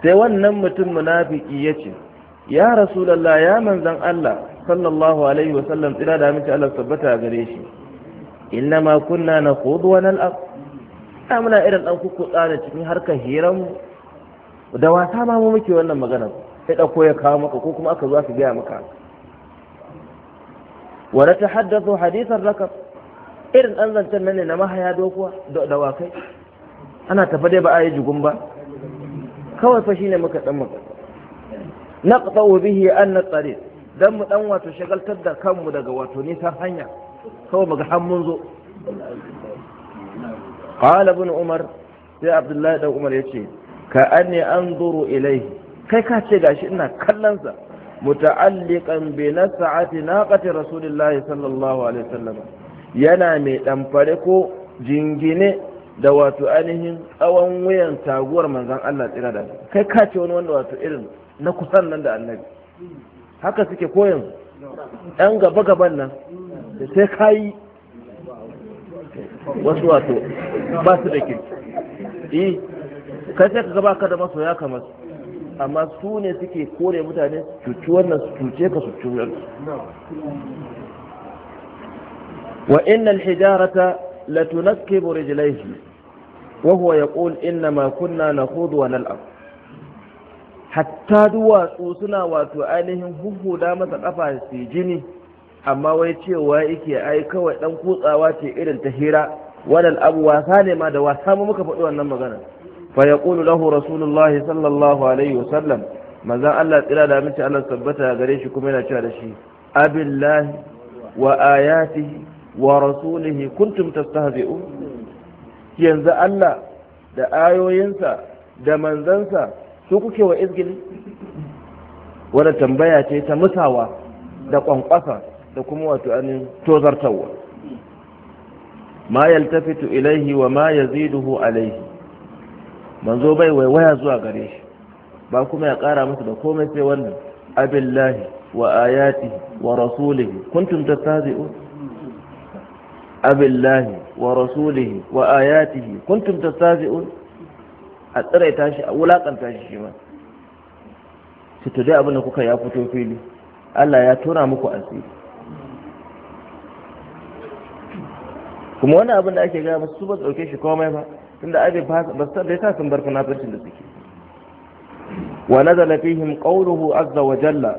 sai wannan mutum munafiki yace ya rasulallah ya manzan Allah sallallahu alaihi wa sallam tsira da miki Allah tabbata gare shi inna ma kunna na khudu wa nal'ab ta muna irin dan kuku tsara cikin harkar hiran da wasa ma mu muke wannan magana sai da ko ya kawo maka ko kuma aka zo aka gaya maka wa la tahaddathu hadithan rakab irin dan zancen nan ne na mahaya dokuwa da dawakai ana tafa dai ba a yi jugun ba kawai fa shine muka dan magana naqta'u bihi an tariq dan mu dan wato shagaltar da kanmu daga wato nisan hanya kawai ga har mun zo qala ibn umar sai abdullahi dan umar yace ka anni anzuru ilayhi kai ka ce gashi ina kallon sa muta'alliqan bi nas'ati naqati rasulillahi sallallahu alaihi wasallam yana mai damfare ko jingine da wato ainihin tsawon wuyan taguwar manzon Allah tsira da kai ka ce wani wanda wato irin na kusan nan da annabi haka suke koyan yan gaba gaban nan da sai kayi wasu wato ba su da kirki eh kai sai ka gaba ka da masoya kamar amma su ne suke kore mutane cuci wannan su cuce ka su cuce wa al hijarata la tunakkibu rijlaihi wa huwa yaqul inna ma kunna nakhudhu wa nal'ab hatta duwatsu suna wato ainihin huhu da masa kafa su jini amma wai cewa yake ai kawai dan kutsawa ce irin ta hira wannan abu wasa ne ma da wasa mu muka faɗi wannan magana fa yaqulu lahu rasulullahi sallallahu alaihi wasallam manzon Allah tsira da mace Allah tabbata gare shi kuma yana cewa da shi abillahi wa ayatihi wa rasulihi kuntum tastahzi'u yanzu Allah da ayoyinsa da manzansa su kuke wa izgil wadda tambaya ce ta musawa da kwankwasa da kuma wato anin tozartawa ma yaltafitu ilaihi wa ma yaziduhu alaihi manzo bai waiwaya zuwa gare shi ba kuma ya kara masa da komai sai wannan abillahi wa ayatihi wa rasulihi kuntum tattazi'un abillahi wa rasulihi wa ayatihi kuntum tattazi'un a tsiraita shi a wulakanta shi shi ma su tudai abin kuka ya fito fili Allah ya tura muku asiri kuma wani abin da ake gaya su ba su ɗauke shi komai ba tunda abin ba su tabbai sa sun bar fanafarcin da suke wa nazala fihim qawluhu azza wa jalla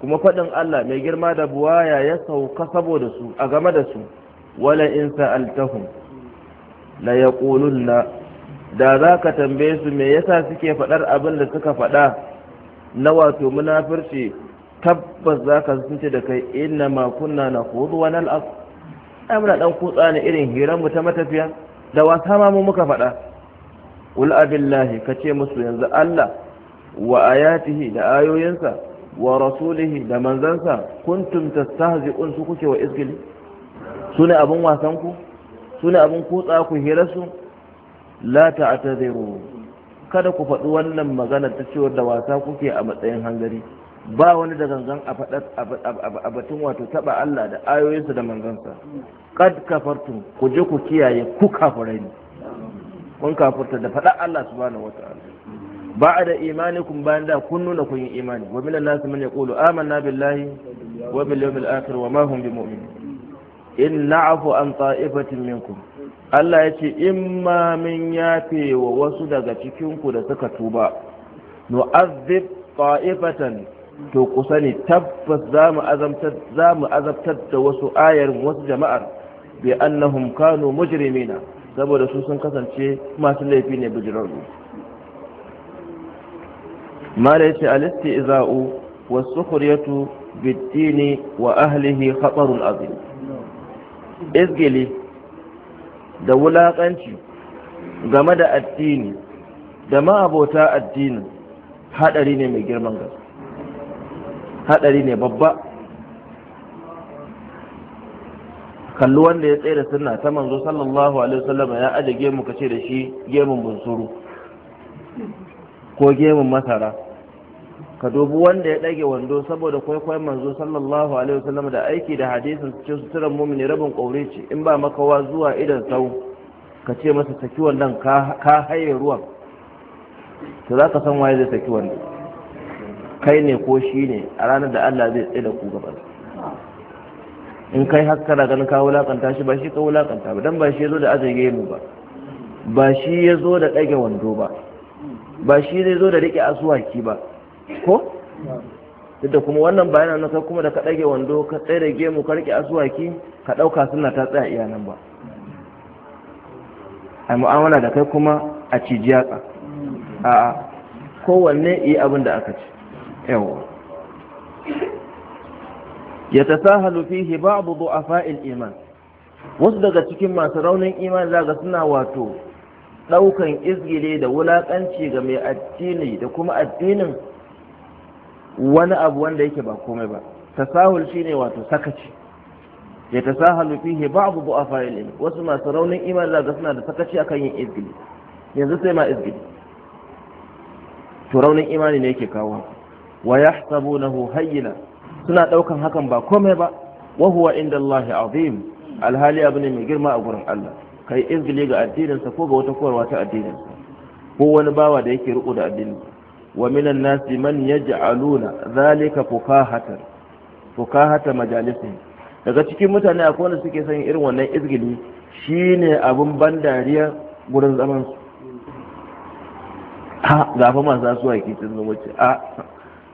kuma faɗin Allah mai girma da buwaya ya sauka saboda su a game da su wala in sa'altahum la yaqulunna da za ka tambaye su me yasa suke faɗar abin da suka faɗa na wato munafirci tabbas za ka sunce da kai inna ma kunna na hudu wani nal ai muna dan kutsa ne irin hiranmu mu ta matafiya da wasa ma mu muka faɗa wul abillahi ce musu yanzu Allah wa ayatihi da ayoyinsa wa rasulihi da manzansa kuntum tastahzi'un su kuke wa Su sune abin wasan ku sune abun kutsa ku hira su la ta'tadiru kada ku faɗi wannan magana ta cewa da wasa kuke a matsayin hangari. ba wani da gangan a faɗa a batun wato taɓa Allah da ayoyinsa da manzansa kad kafartum ku je ku kiyaye ku kafirai ne kun kafirta da faɗa Allah subhanahu wata'ala ba da imanikum bayan da kun nuna kun yi imani wa minan nasu man yaqulu amanna billahi wa bil yawmil akhir wa ma hum bimu'minin in na'fu an ta'ifatin minkum Allah ya ce in ma min yafe wa wasu daga cikinku da suka tuba azib qa'ifatan to ku sani tabbas zamu mu azabtar azabtar da wasu ayar wasu jama'ar bi annahum kanu mujrimina saboda su sun kasance masu laifi ne bijirarru mala yace alisti iza'u wasukhriyatu bid-dini wa ahlihi khatarun azim izgili da wulakanci game da addini da ma'abota addini haɗari ne mai girman gaske haɗari ne babba kalli wanda ya tsaye da sunna ta manzo sallallahu alaihi wasallam ya aje gemu kace da shi gemun bunsuru ko gemun masara ka dubu wanda ya ɗage wando saboda kwaikwayon manzo sallallahu alaihi wasallam da aiki da hadisin su ce suturan mumini rabin ƙauri ce in ba makawa zuwa idan sau ka ce masa saki wannan ka haye ruwan to za ka san waye zai saki wannan kai ne ko shi ne a ranar da Allah zai tsaye da ku gaba in kai har kana ganin ka wulakanta shi ba shi ka wulakanta ba dan ba shi ya zo da azage mu ba ba shi ya zo da ɗage wando ba ba shi zai zo da riƙe asuwaki ba ko duk da kuma wannan bayanan na kai kuma da ka ɗage wando ka tsaye da gemu ka rike asuwaki ka ɗauka suna ta tsaya iya nan ba a mu'amala da kai kuma a cijiya ka a kowanne iya abin da aka ci. yawa ya ta sa halufihi ba abu zo a fa'il iman wasu daga cikin masu raunin iman zaga suna wato ɗaukan izgile da wulaƙanci ga mai addini da kuma addinin wani abu wanda yake ba komai ba tasahul shine wato sakaci ya tasahalu fihi ba'd du'afa ilmi wasu masu raunin iman da suna da sakaci akan yin izgili yanzu sai ma izgili to raunin imani ne yake kawo wa yahsabunahu hayyina suna daukan hakan ba komai ba wa huwa inda Allah azim alhali abu ne mai girma a gurin Allah kai izgili ga addininsa ko ga wata koyarwa ta addininsa ko wani bawa da yake riko da sa wa minan nasi man yaj'aluna zalika fukahatan fukahata majalisihim daga cikin mutane akwai wanda suke son irin wannan izgili shine abun ban dariya gurin zaman su a gafa masu zasuwa ke cin zumunci a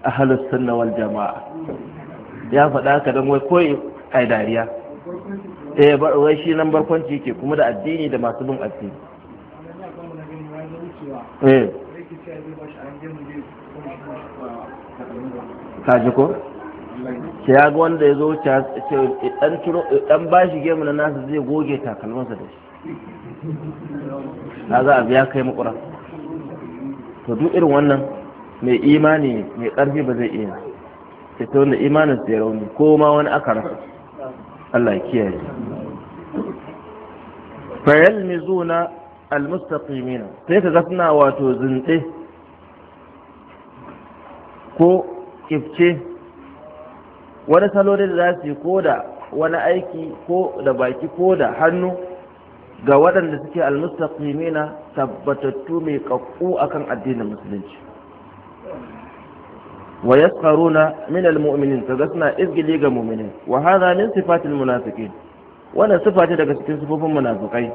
ahalus sunna wal jama'a ya faɗa ka dan wai koyi ai dariya eh ba wai shi nan barkwanci yake kuma da addini da masu bin addini eh ka ji ko ce ya ga wanda ya zo ce dan ciro dan bashi gemu na nasa zai goge takalmansa da shi na za a biya kai makura to duk irin wannan mai imani mai karfi ba zai iya ce ta wanda imanin ya rauni ko ma wani aka rasa Allah ya kiyaye fa yalmizuna almustaqimina sai ka ga suna wato zinde ko kifce wani salo da za su yi ko da wani aiki ko da baki ko da hannu ga waɗanda suke almustaqimina tabbatattu mai kakku akan addinin musulunci wa minal min almu'minin kaga suna izgili ga mu'minin wa hadha min sifatil munafiqin wanda sifati daga cikin sifofin munafiqai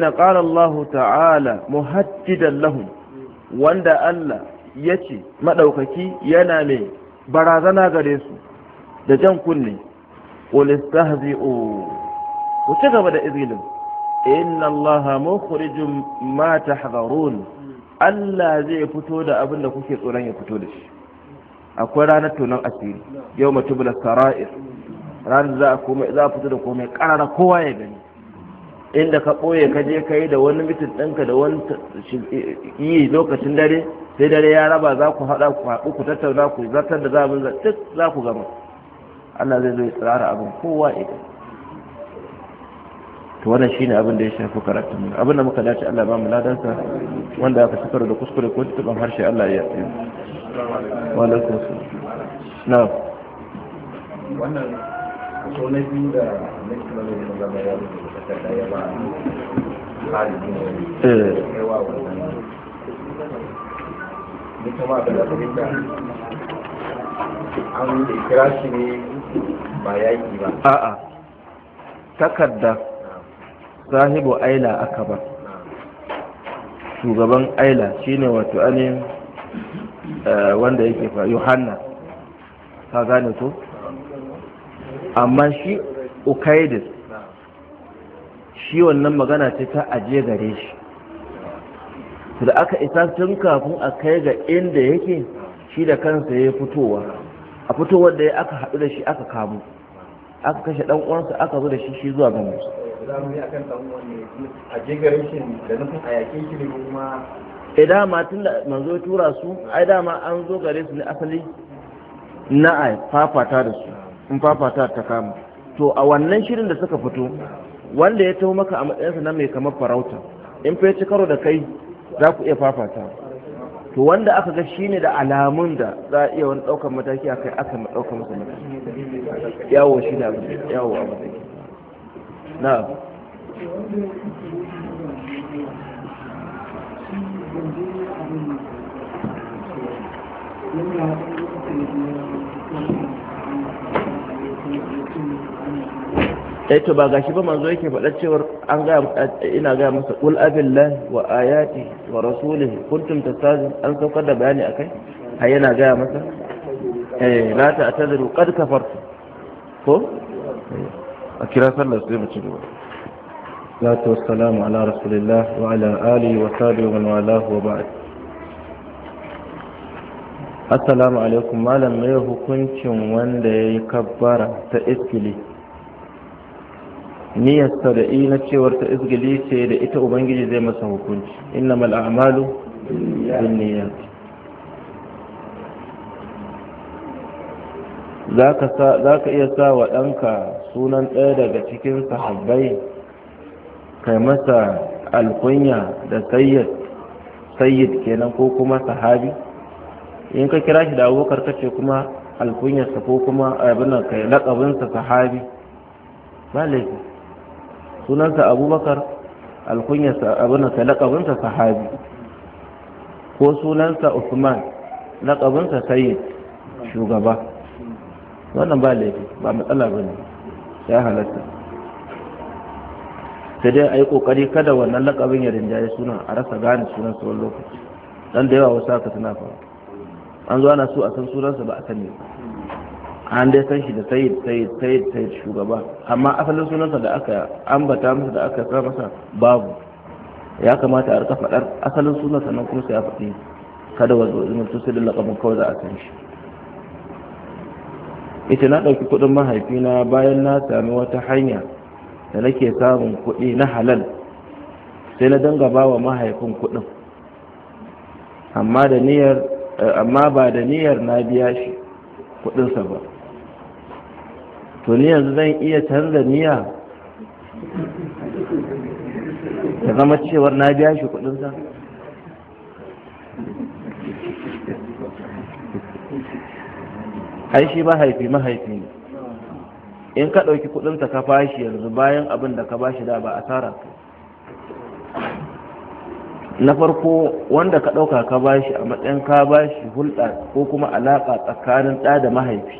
na qala Allahu ta'ala muhaddidan lahum wanda Allah ya ce maɗaukaki yana mai barazana gare su da jan kunne ƙulistahzi'u ku ci gaba da izilin inna allaha mukhrijum ma tahdharun Allah zai fito da abin da kuke tsoron ya fito da shi akwai ranar tonon asiri yau mutum da sara'ir ranar za a fito da komai karara kowa ya gani inda ka ɓoye ka je ka yi da wani mitin ɗinka da wani yi lokacin dare sai dare ya raba za ku haɗa ku haɗu ku tattauna ku zartar da za za duk za ku gama Allah zai zo ya tsara abin kowa idan to wannan shine abin da ya shafi karatun mu abin da muka dace Allah ba mu ladansa wanda aka sukar da kuskure ko tuban harshe Allah ya yi wa alaikum salam na wannan so na biyu da nake magana da da shi ne a'a takarda sahibu aila aka ba shugaban aila shine wato ainihin eh, wanda yake fa yohanna ka gane to amma shi ukaidis shi wannan magana ce ta ajiye gare shi da aka isa tun kafin a kai ga inda yake shi da kansa ya fitowa a fitowar da ya aka haɗu da shi aka kamu aka kashe ɗan uwansa aka zo da shi shi zuwa ganin su e dama tun da manzo ya tura su ai dama an zo gare su ne asali na ai fafata da su in fafata ta kama to a wannan shirin da suka fito wanda ya taho maka a matsayinsa na mai kamar farauta in fa ya ci karo da kai za ku iya fafata to wanda aka ga shine da alamun da za a iya wani daukar mataki akai aka mu dauka masa mataki yawo shi da yawo a mataki na dai eh, to ba ga shi ba manzo yake faɗa cewar an ga ina ga masa qul abillahi wa ayati wa rasulihi kuntum tastazin an saukar da bayani a kai a yana gaya masa eh la ta'tadiru qad kafartu ko a kira sallar sai mu ci gaba salatu wassalamu ala rasulillah wa ala alihi wa sahbihi wa man walahu wa ba'd assalamu alaikum malam mai hukuncin wanda yayi kabbara ta iskili niyyarsa da ina cewar ta izgili ce da ita ubangiji zai masa hukunci innamal a'malu binniyat za ka iya sa wa ɗanka sunan ɗaya daga cikin sahabbai kai masa alkunya da sayyid sayyid kenan ko kuma sahabi in ka kira shi da abokar kace kuma alkunyarsa ko kuma abin kai laƙabinsa sahabi ba laifi sunansa abubakar alkunyarsa abinsa laƙabinsa sahabi ko sunansa usman laƙabinsa sayyid shugaba wannan ba laifi ba matsala ba ne ya halatta sai dai a yi ƙoƙari kada wannan laƙabin ya rinjaye sunan a rasa gane sunan wani lokaci dan da yawa wasu haka suna fara, an zo ana so a san sunansa ba a sani ba an dai san shi da sayid sayid sayid sayid shugaba amma asalin sunansa da aka ambata masa da aka sa masa babu ya kamata a rika faɗar asalin sunansa sannan kuma sai a faɗi kada wazo ilmin su sai da laƙabin kawai za a san shi ita na ɗauki kuɗin mahaifina bayan na sami wata hanya da nake samun kuɗi na halal sai na danga ba wa mahaifin kuɗin amma da niyyar eh, amma ba da niyyar na biya shi kuɗinsa ba to ni yanzu zan iya canza niyya ta zama cewar na biya shi kudinsa ai shi mahaifi mahaifi ne in ka ɗauki kudinsa ka fashi yanzu bayan abin da ka bashi da ba a ka na farko wanda ka ɗauka ka bashi a matsayin ka bashi hulɗa ko kuma alaƙa tsakanin ɗa da mahaifi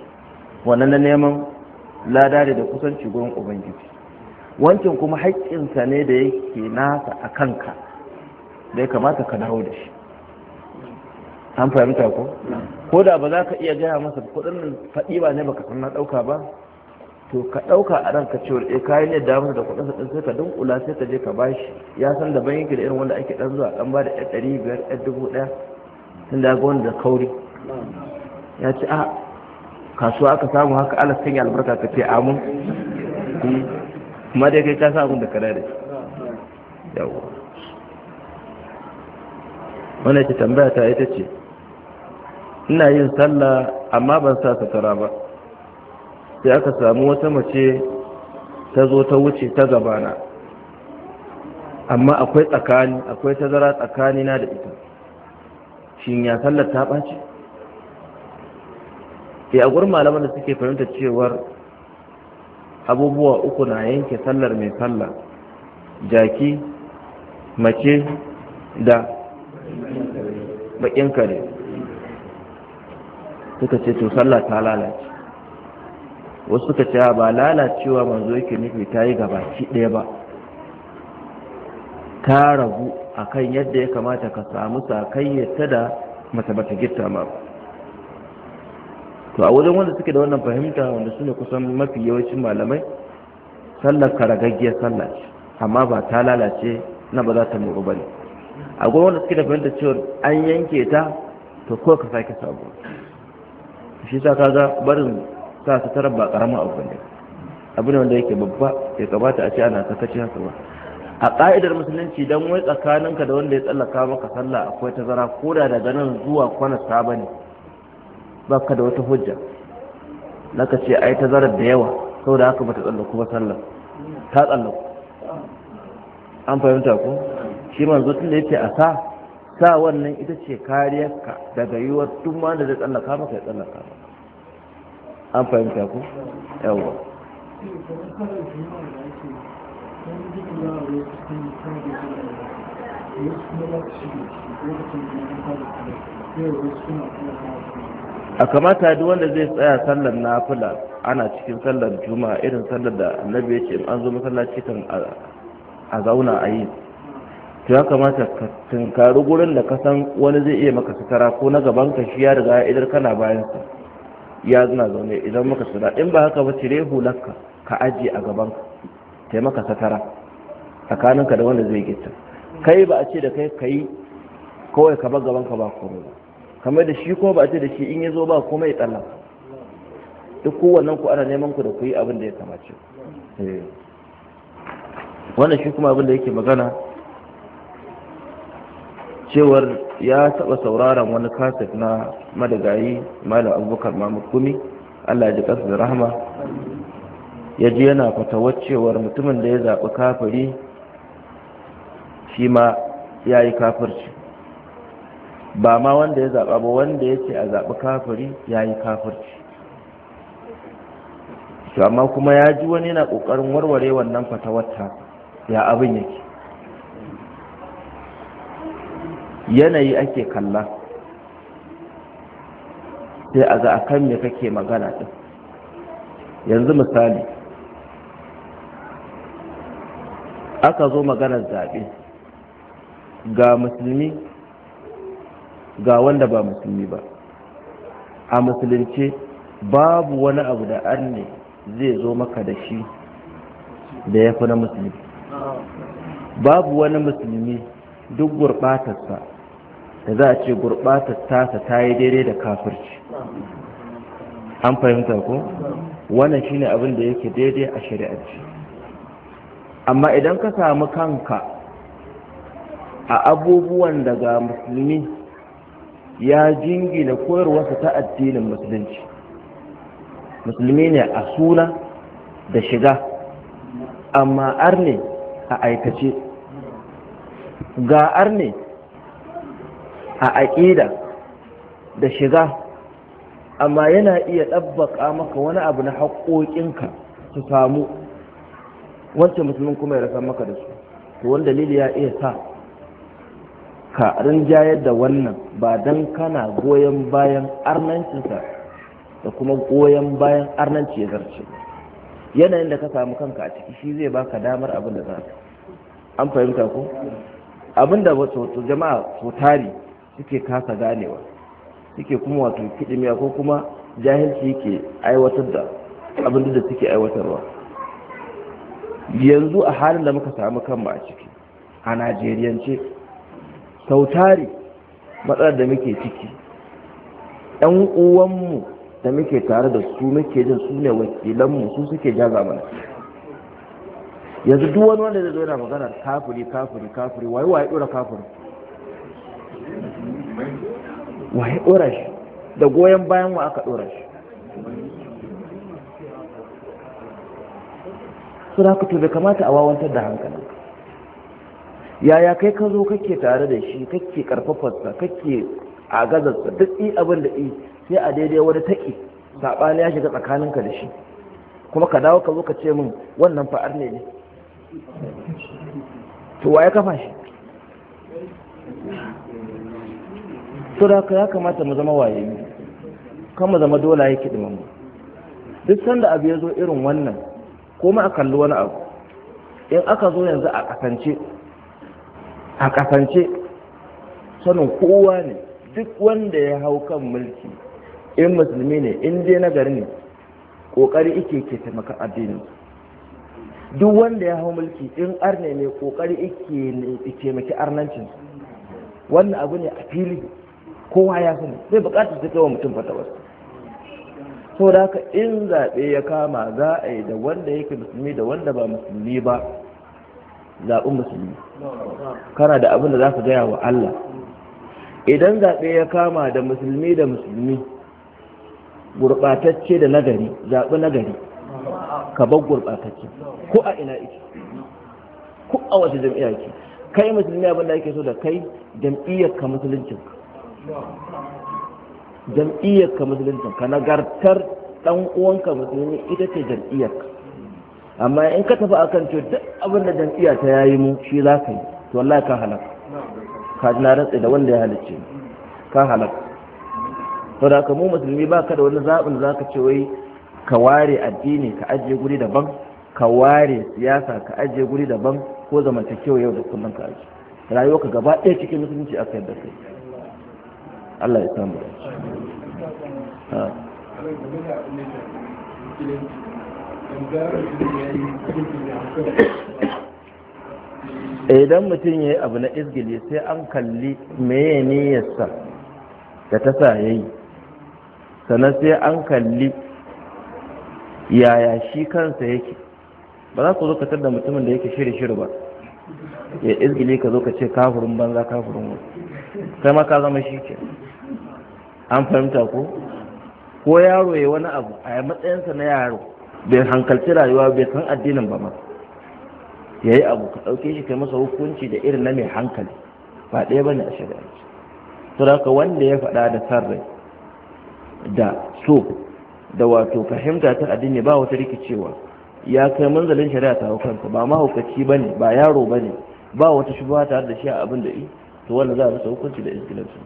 wannan na neman lada da kusanci gurin ubangiji wancan kuma haƙƙinsa ne da yake nasa a kanka da ya kamata ka dawo da shi an fahimta ko ko da ba za ka iya gaya masa kudin faɗi ba ne baka san na ɗauka ba to ka ɗauka a ranka cewa eh kayan yadda masa da kuɗinsa sai ka dunkula sai ka je ka bashi ya san da bayan da irin wanda ake ɗan zuwa ɗan ba da ɗari biyar ɗari dubu ɗaya tun da ga wanda kauri ya ce a ah, kasuwa aka samu haka Allah sanya albarka ka ce amin hmm. kuma dai kai ka samu da kada da yawa wannan ce tambaya ta ita ce ina yin sallah amma ban sa tara ba sai aka samu wata mace ta zo ta wuce ta gabana amma akwai tsakani akwai tazara na da ita shin ya sallar ta ɓaci sai eh, a gurin malaman da suke fahimta cewar abubuwa uku na yanke sallar mai sallar jaki mace da bakin kare suka ce to sallah ta lalace wasu suka ce ba lalacewa manzo yake nufi ta yi ki ɗaya ba ta rabu akan yadda ya kamata ka samu sakayyarta da mata bata gita ma ba to a wajen wanda suke da wannan fahimta wanda su ne kusan mafi yawancin malamai sallar karagaggiyar sallah amma ba ta lalace na ba za ta nuru ba ne a gurin wanda suke da fahimta cewa an yanke ta to ko ka sake sabuwa shi sa kaga barin sa su tarar ba karamin abu ne abu ne wanda yake babba ya kamata a ce ana sakaci haka ba a ƙa'idar musulunci don wai tsakaninka da wanda ya tsallaka maka sallah akwai tazara ko da daga nan zuwa kwana sabani baka da wata hujja na ka ce ai tazarar da yawa da haka bata tsallaku ba sallar ta tsallaku an fahimta ku shi manzo tun da yake a sa sa wannan ita ce kariyarka daga yiwuwar ma da zai tsallaka maka ya tsallaka maka an fahimta ku yawwa Thank you. a kamata duk wanda zai tsaya sallar nafila ana cikin sallar juma'a irin sallar da annabi ya ce in an zo masallaci kan a zauna a yi to ya kamata ka tunkari gurin da ka san wani zai iya maka sutura ko na gaban ka shi ya riga idan kana bayan sa ya zina zaune idan maka sutura in ba haka ba cire hularka ka ajiye a gaban ka ta maka tsakanin ka da wanda zai gita kai ba a ce da kai ka yi kawai ka bar gaban ka ba komai kamar da shi ko ba ce da shi in ya zo ba kuma ya tsalla duk kowannan ku ana neman ku da ku yi abin da ya kamace eh. wannan shi kuma abin da yake magana cewar ya taɓa sauraron wani kasif na madagayi malam abubakar mahmud kumi allah ji ƙasa da rahama ya ji yana fatawar cewar mutumin da ya zaɓi kafiri shi ma ya yi kafirci ba ma wanda ya zaɓa ba wanda ya ce a zaɓi kafiri ya yi kafirci su amma kuma ya ji wani na ƙoƙarin warware wannan fatawata ya abin yake yanayi ake kalla sai a ga a kan me kake magana ɗin yanzu misali aka zo maganar zaɓe ga musulmi ga wanda ba musulmi ba a musulunce babu wani abu da an zai zo maka da shi da ya fi na musulmi babu wani musulmi duk gurɓatarsa da za a ce gurɓatar tasa ta yi daidai da kafirci an fahimta ko wannan shine abin da yake daidai a shari'arci amma idan ka samu kanka a abubuwan daga musulmi ya jingina koyarwarsa ta addinin musulunci musulmi ne a suna da shiga amma arne a aikace ga arne a aƙida da shiga amma yana iya ɗabbaƙa maka wani abu na haƙoƙinka su samu wancan musulmin kuma ya rasa maka da su to wani dalili ya iya sa ka rinjayar da wannan ba don kana goyon bayan arnancinsa da kuma goyon bayan arnanci ya zarce yanayin da ka samu kanka a ciki shi zai baka damar abin da za an fahimta ko abin da wato jama'a so tari suke kasa ganewa suke kuma wato kidimiya ko kuma jahilci yake aiwatar da abin da suke aiwatarwa yanzu a halin da muka samu kanmu a ciki a najeriyance sautari matsalar da muke ciki ɗan uwanmu da muke tare da su muke jin su ne wakilanmu su suke jaza mana yanzu duk wani wanda zai zo yana maganar kafiri kafiri kafiri waye waye dora kafiri waye dora shi da goyon bayan wa aka dora shi su da bai kamata a wawantar da hankali yaya kai ka zo kake tare da shi kake karfafarsa kake a gazarsa duk yi abin da yi sai a daidai wani taƙi saɓani ya shiga tsakaninka da shi kuma ka dawo ka zo ka ce min wannan fa'ar ne ne to wa ya kafa shi to da ya kamata mu zama waye kan mu zama dola yake dimin mu duk sanda abu ya zo irin wannan ko ma a kalli wani abu in aka zo yanzu a kasance a kasance sanin kowa ne duk wanda ya hau kan mulki in musulmi ne in dai na gari ne kokari ike ke taimaka addini duk wanda ya hau mulki in arne ne kokari ike maki arnancin wannan abu ne a fili kowa ya sani zai bukatar ta wa mutum fata wasu saboda haka in zaɓe ya kama za a yi da wanda yake musulmi da wanda ba musulmi ba zaɓin musulmi kana da abin da za ka gaya wa Allah idan zaɓe ya kama da musulmi da musulmi gurɓatacce da nagari zaɓi nagari ka bar gurɓatacce ko a ina ike ko a wata jam'iyya ke kai musulmi abin da yake so da kai jam'iyyar ka musuluncin jam'iyyar ka musuluncin ka nagartar dan uwanka musulmi ita ce jam'iyyar ka amma in ka tafi akan to duk abin da jam'iyya ta yayi mu shi za ka yi to wallahi ka halaka ka ji na rantsi da wanda ya halicce ka halaka to da mu musulmi ba ka da wani zaɓin za ka ce wai ka ware addini ka ajiye guri daban ka ware siyasa ka ajiye guri daban ko zamantakewa yau da kullum ka ajiye rayuwa ka gaba ɗaya cikin musulunci aka yadda kai Allah ya samu da shi. idan mutum ya yi abu na izgili sai an kalli meye niyyarsa da ta sa ya yi sannan sai an kalli yaya shi kansa yake ba za ku zo ka da mutumin da yake shiri shiri ba ya izgili ka zo ka ce kafurin banza kafurin wani Sai ma ka zama shi ke an fahimta ko ko yaro ya wani abu a matsayinsa na yaro bai hankalci rayuwa bai san addinin ba ma ya yi abu ka ɗauke shi kai masa hukunci da irin na mai hankali ba ɗaya ba ne a shari'a to haka wanda ya faɗa da san rai da so da wato fahimta ta addini ba wata rikicewa ya kai manzalin shari'a ta hukunta ba mahaukaci ba ne ba yaro ba ne ba wata shubuwa tare da shi a abin da yi to wanda za a masa hukunci da izgilansu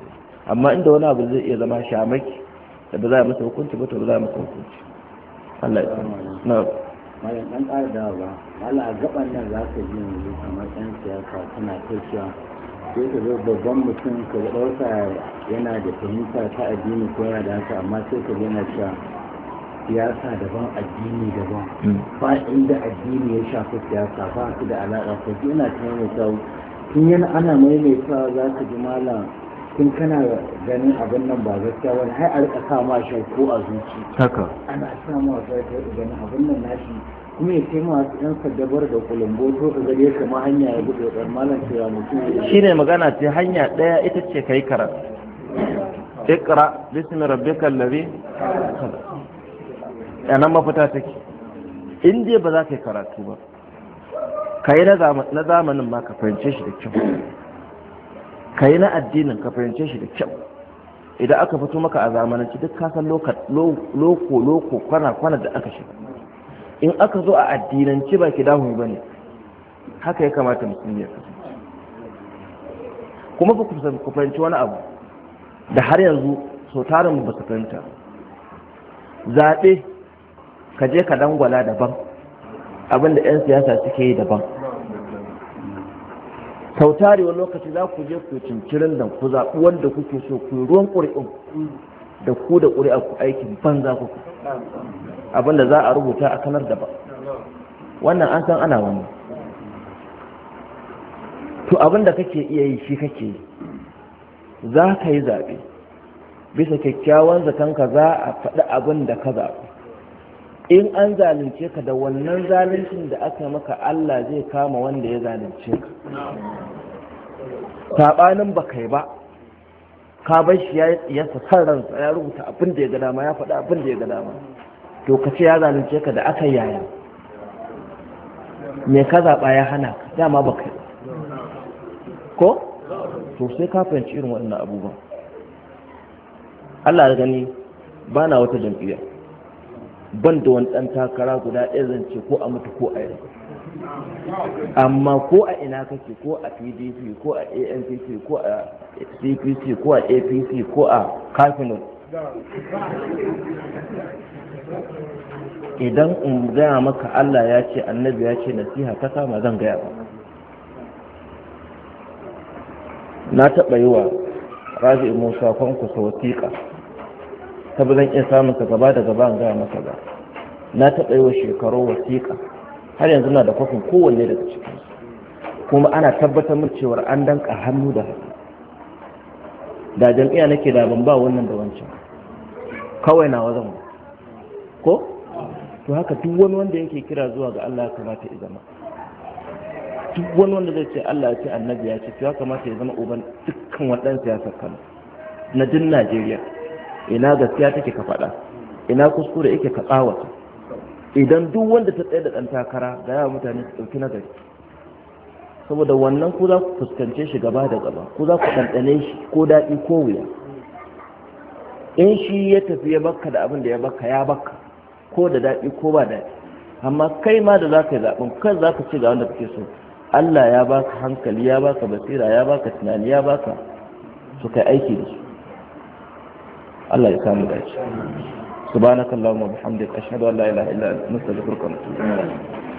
amma inda wani abu zai iya zama shamaki da ba za a masa hukunci ba to ba za a masa hukunci Allah na malam ɗan ƙara dawa ba malam a gaban nan za ka ji yanzu kamar ɗan siyasa tana ta cewa sai ka zo babban mutum ka ɗauka yana da fahimta ta addini ko yana da haka amma sai ka yana cewa siyasa daban addini daban hmm. ba inda addini ya shafi siyasa ba su da alaƙa ko yana ta maimaita tun yana ana maimaita za ka ji malam tun kana ganin abin nan ba gaskiya wani har a rika sa ma shi ko a zuci haka ana sa ma shi gani ganin abin nan nashi kuma ya kai masu ɗan sadabar da kulumbo to ka gare shi ma hanya ya gudu da malam cewa mutum ne magana ce hanya ɗaya ita ce kai karatu اقرا باسم ربك الذي خلق انا mafita take in dai ba za ka yi karatu ba ka yi na zamanin ma ka fahimce shi da kyau ka yi na addinin ka fahimce shi da kyau idan aka fito maka a zamananci duk kasan loko loko kwana kwana da aka shiga in aka zo a addinanci ba ki dahu ba ne haka ya kamata musulmi ya kasance kuma ku fahimci wani abu da har yanzu sau tarin ba su fahimta zaɓe ka je ka dangwala daban da 'yan siyasa suke yi daban sautari wani lokaci za ku je ku cincirin da ku zaɓi wanda kuke so ku ruwan ƙuri'un da ku da ƙuri'a ku ban banza ku abinda za a rubuta a kanar da ba wannan an san ana wani to abinda kake iya yi shi kake yi za ka yi zaɓe bisa kyakkyawan zakanka za a faɗi abin da ka zaɓi in an zalunce ka da wannan zaluncin da aka maka Allah zai kama wanda ya zalunce ka sabanin ba kai ba ka bar shi ya san ransa ya rubuta abin da ya ga dama ya faɗa abin da ya ga dama to ka ce ya zalunce ka da aka yaya me ka zaɓa ya hana ka dama ba kai ko to sai ka fahimci irin waɗannan abubuwan Allah ya gani ba na wata jam'iyya ban wani ɗan takara guda ɗaya ce ko a mutu ko a yi amma ko a ina kake ko a pdp ko a ANPC ko a cpc ko a apc ko a kafinan idan in gaya maka allah ya ce annabi ya ce nasiha ta kama zan gaya ba na taɓa yi wa razi musa kwankwasa wasiƙa ta ba zan iya samun ka gaba da gaba gaya masa ba na taɓa yi wa shekaru wasiƙa har yanzu na da kwafin kowanne daga cikin kuma ana tabbatar min cewar an danka hannu da hannu da jam'iyya nake da ban ba wannan da wancan kawai na wazan ko to haka duk wani wanda yake kira zuwa ga Allah ya kamata ya zama duk wani wanda zai ce Allah ya ce annabi ya ce to ya kamata ya zama uban dukkan waɗansu ya sakana na din Najeriya ina gaskiya take ka faɗa ina kuskure yake ka tsawata idan duk wanda ta tsaye da ɗan takara da yawa mutane su ɗauki nagari saboda wannan ku za ku fuskance shi gaba da gaba ku za ku ɗanɗane shi ko daɗi ko wuya in shi ya tafi ya bakka da abin da ya bakka ya bakka ko da daɗi ko ba daɗi amma kai ma da za ka yi zaɓin kan za ka ci ga wanda kake so Allah ya baka hankali ya baka basira ya baka tunani ya baka su aiki da su Allah ya samu dace subhanakallahumma wa bihamdika ashhadu an la ilaha illa anta astaghfiruka wa atubu ilaik